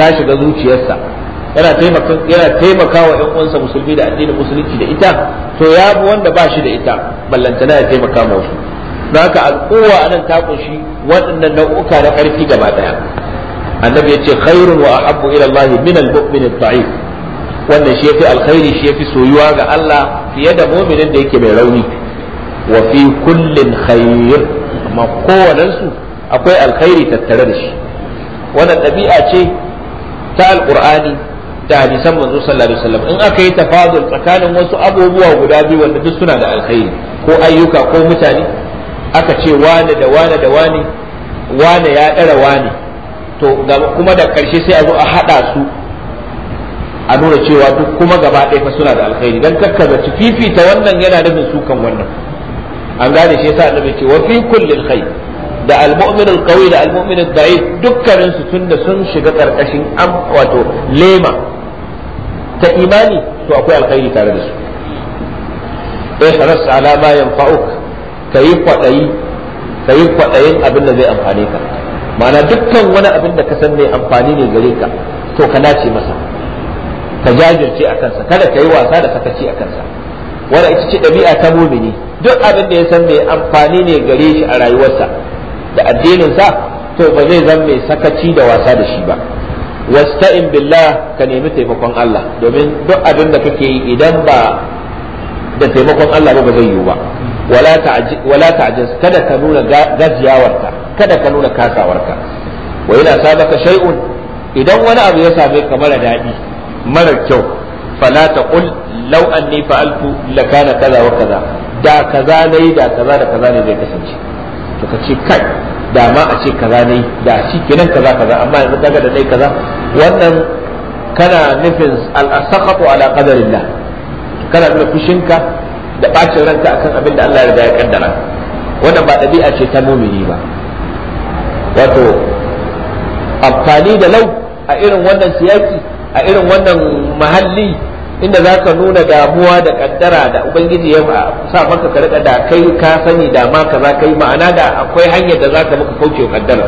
Speaker 2: ta shiga zuciyarsa yana taimaka yana taimakawa ƴan uwansa musulmi da addinin musulunci da ita to ya bi wanda ba shi da ita ballantana ya taimaka ma wasu haka al'uwa anan ta kunshi waɗannan nau'uka na ƙarfi gaba ɗaya annabi ya ce khairun wa ahabbu ila Allah min al-mu'min ad-da'if wannan shi yafi alkhairi shi yafi soyuwa ga Allah fiye da mu'minin da yake mai rauni wa fi kullin khair amma kowannen su akwai alkhairi tattare da shi wannan ɗabi'a ce ta alkur'ani da hadisan manzo sallallahu alaihi wasallam in aka yi tafadul tsakanin wasu abubuwa guda biyu wanda duk suna da alkhairi ko ayyuka ko mutane aka ce wane da wane da wane wane ya ɗara wane to kuma da ƙarshe sai a zo a haɗa su a nuna cewa duk kuma gaba ɗaya fa suna da alkhairi dan kakkaza fifita wannan yana nufin kan wannan an gane shi yasa annabi ce wa fi kullil khair da almu'min alqawi da almu'min ad-da'if dukkanin su tunda sun shiga karkashin am wato lema ta imani to akwai alkhairi tare da su ihras ala ma yanfa'uk kayi kwadayi kayi kwadayin abin da zai amfane ka ma'ana dukkan wani abin da ka san mai amfani ne gare ka to ka nace masa ka jajirce a kansa kada ka yi wasa da sakaci a kansa wanda ita ce ɗabi'a ta mumini duk abin da ya san mai amfani ne gare shi a rayuwarsa da addininsa to ba zai zan mai sakaci da wasa da shi ba wasta'in billah ka nemi taimakon Allah domin duk abin da kake yi idan ba da taimakon Allah ba ba zai yiwu ba wala ta'jiz kada ka nuna gajiyawarka kada ka nuna kasawarka wa yana sabaka shay'un idan wani abu ya same ka mara daɗi mara kyau fala taqul law anni fa'altu lakana kaza wa kaza da kaza nayi da kaza da kaza ne zai kasance ka ce kai da ma a ce kaza ne da shi kenan kaza kaza amma yanzu kaga da dai kaza wannan kana nufin al-asaqatu ala qadarillah kana nuna fushinka da bacin ranka akan abin da Allah ya riga ya kaddara wannan ba dabi'a ce ta mumini ba wato amfani da lau a irin wannan siyaki a irin wannan mahalli inda za ka nuna damuwa da kaddara da ubangiji ya sa maka ka rika da kai ka sani da ma ka za ka yi ma'ana da akwai hanyar da za ka muka kauce kaddara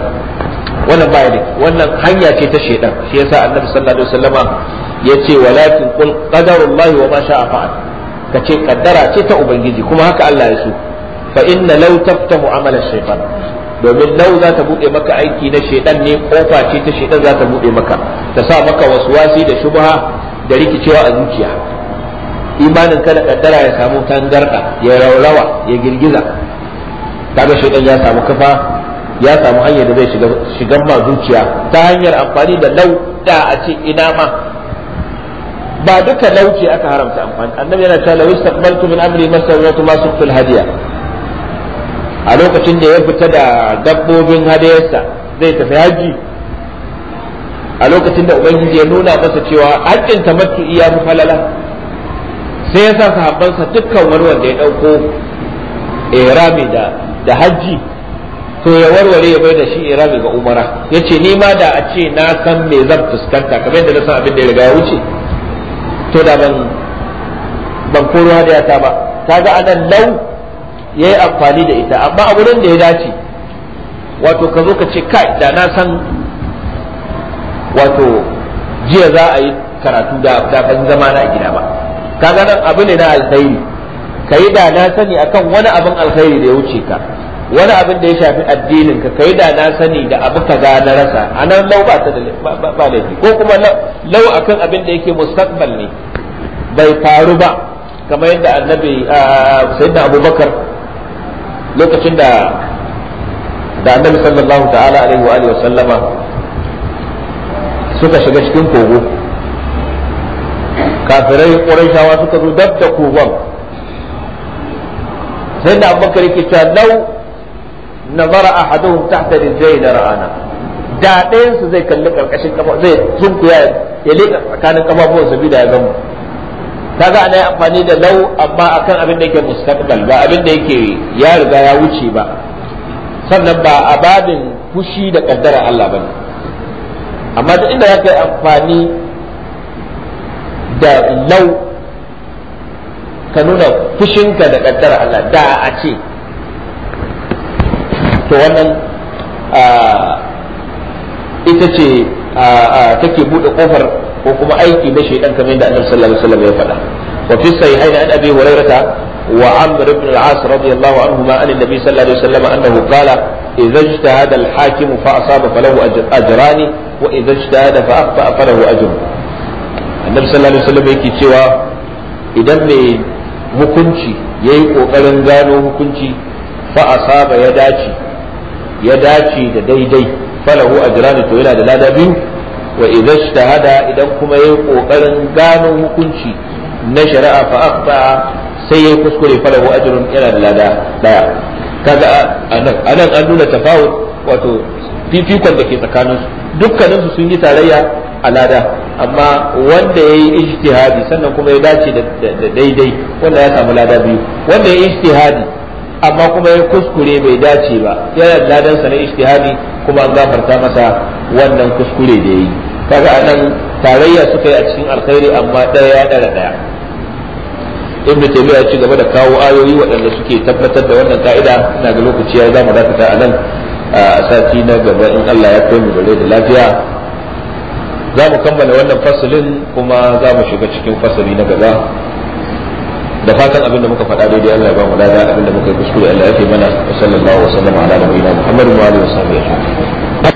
Speaker 2: wannan baya da wannan hanya ce ta shedan shi yasa annabi sallallahu alaihi wasallama ce walakin qul qadarullahi wa ma sha'a fa'al ce kaddara ce ta ubangiji kuma haka Allah ya so fa inna law taftahu amala shaytan domin lau za ta buɗe maka aiki na shaidan ne kofa ce ta shaidan za ta buɗe maka ta sa maka waswasi da shubha da rikicewa a zuciya imanin kada kaddara ya samu tangarda ya raurawa ya girgiza kaga shaitan ya samu kafa ya samu hanyar da zai shiga ma zuciya ta hanyar amfani da lau da a ce ina ma ba duka lauci aka haramta amfani annabi yana cewa law istaqbaltu min amri masawatu ma suktul hadiya a lokacin da ya fita da dabbobin hadiyarsa zai tafi haji a lokacin da ubangiji ya nuna masa cewa haƙƙin tamattu iya mu falala sai ya sa sahabbansa dukkan wani wanda ya ɗauko irami da da hajji to ya warware ya bai da shi irami ga umara ya ce ni ma da a ce na san me zan fuskanta kamar yadda na san abin da ya riga ya wuce to da ban ban koro da ya ba ta ga anan lau ya yi amfani da ita amma a wurin da ya dace wato ka zo ka ce kai da na san wato jiya za a yi karatu da ban zama na a gida ba kaga nan abu ne na alkhairi kai da na sani akan wani abin alkhairi da ya wuce ka wani abin da ya shafi addinin ka kai da na sani da abu ka ga na rasa anan lau ba ta da ba laifi ko kuma lau akan abin da yake mustaqbal ne bai faru ba kamar yadda annabi sayyidina abubakar lokacin da da annabi sallallahu ta'ala alaihi wa sallama suka shiga cikin kogo kafirai ƙuraishawa suka zo dab da kogon sai da abubakar yake cewa lau nazara a tahta ta la ra'ana da ra'ana zai kalli ƙarƙashin kafa zai sunkuya ya leka tsakanin kafafuwan su da ya gamu na yi amfani da lau amma akan abin da yake mustaqbal ba abin da yake ya riga ya wuce ba sannan ba a babin fushi da ƙaddara Allah ba ne amma duk inda ya kai amfani da lau ka nuna fushinka da kaddara Allah da a ce to wannan ita ce take bude kofar ko kuma aiki na shaidan kamar yadda annabi sallallahu alaihi wasallam ya faɗa wa fi sahihaini an abi hurairata wa amr ibn al-as radiyallahu anhuma an an-nabi sallallahu alaihi wasallam annahu qala idza ijtahada al-hakim fa asaba falahu ajrani wa idza ijtahada fa akfa falahu ajr annabi sallallahu alaihi wasallam yake cewa idan mai hukunci yayi kokarin gano hukunci fa asaba ya dace ya dace da daidai falahu ajrani to yana da lada biyu wa idza ijtahada idan kuma yayi kokarin gano hukunci na shari'a fa akfa sai yayi kuskure falahu ajrun yana da lada daya kaga anan an nuna tafawut wato fifikon da ke tsakaninsu dukkaninsu sun yi tarayya a lada amma wanda ya yi ijtihadi sannan kuma ya dace da daidai wanda ya samu lada biyu wanda ya yi ijtihadi amma kuma ya kuskure bai dace ba yana ladansa na ijtihadi kuma an gafarta masa wannan kuskure da ya yi kaga anan tarayya suka yi a cikin alkhairi amma ɗaya ya ɗara ɗaya In taymiya ya ci gaba da kawo ayoyi waɗanda suke tabbatar da wannan ka'ida ina ga lokaci ya zama dakata a nan a sati na gaba in Allah ya kai mu da da lafiya za mu kammala wannan fasalin kuma za mu shiga cikin fasali na gaba da fatan abin da muka faɗa daidai Allah ya ba mu lada abin da muka yi kuskure Allah ya fi mana sallallahu alaihi wa sallama ala nabiyina Muhammad wa alihi wa sahbihi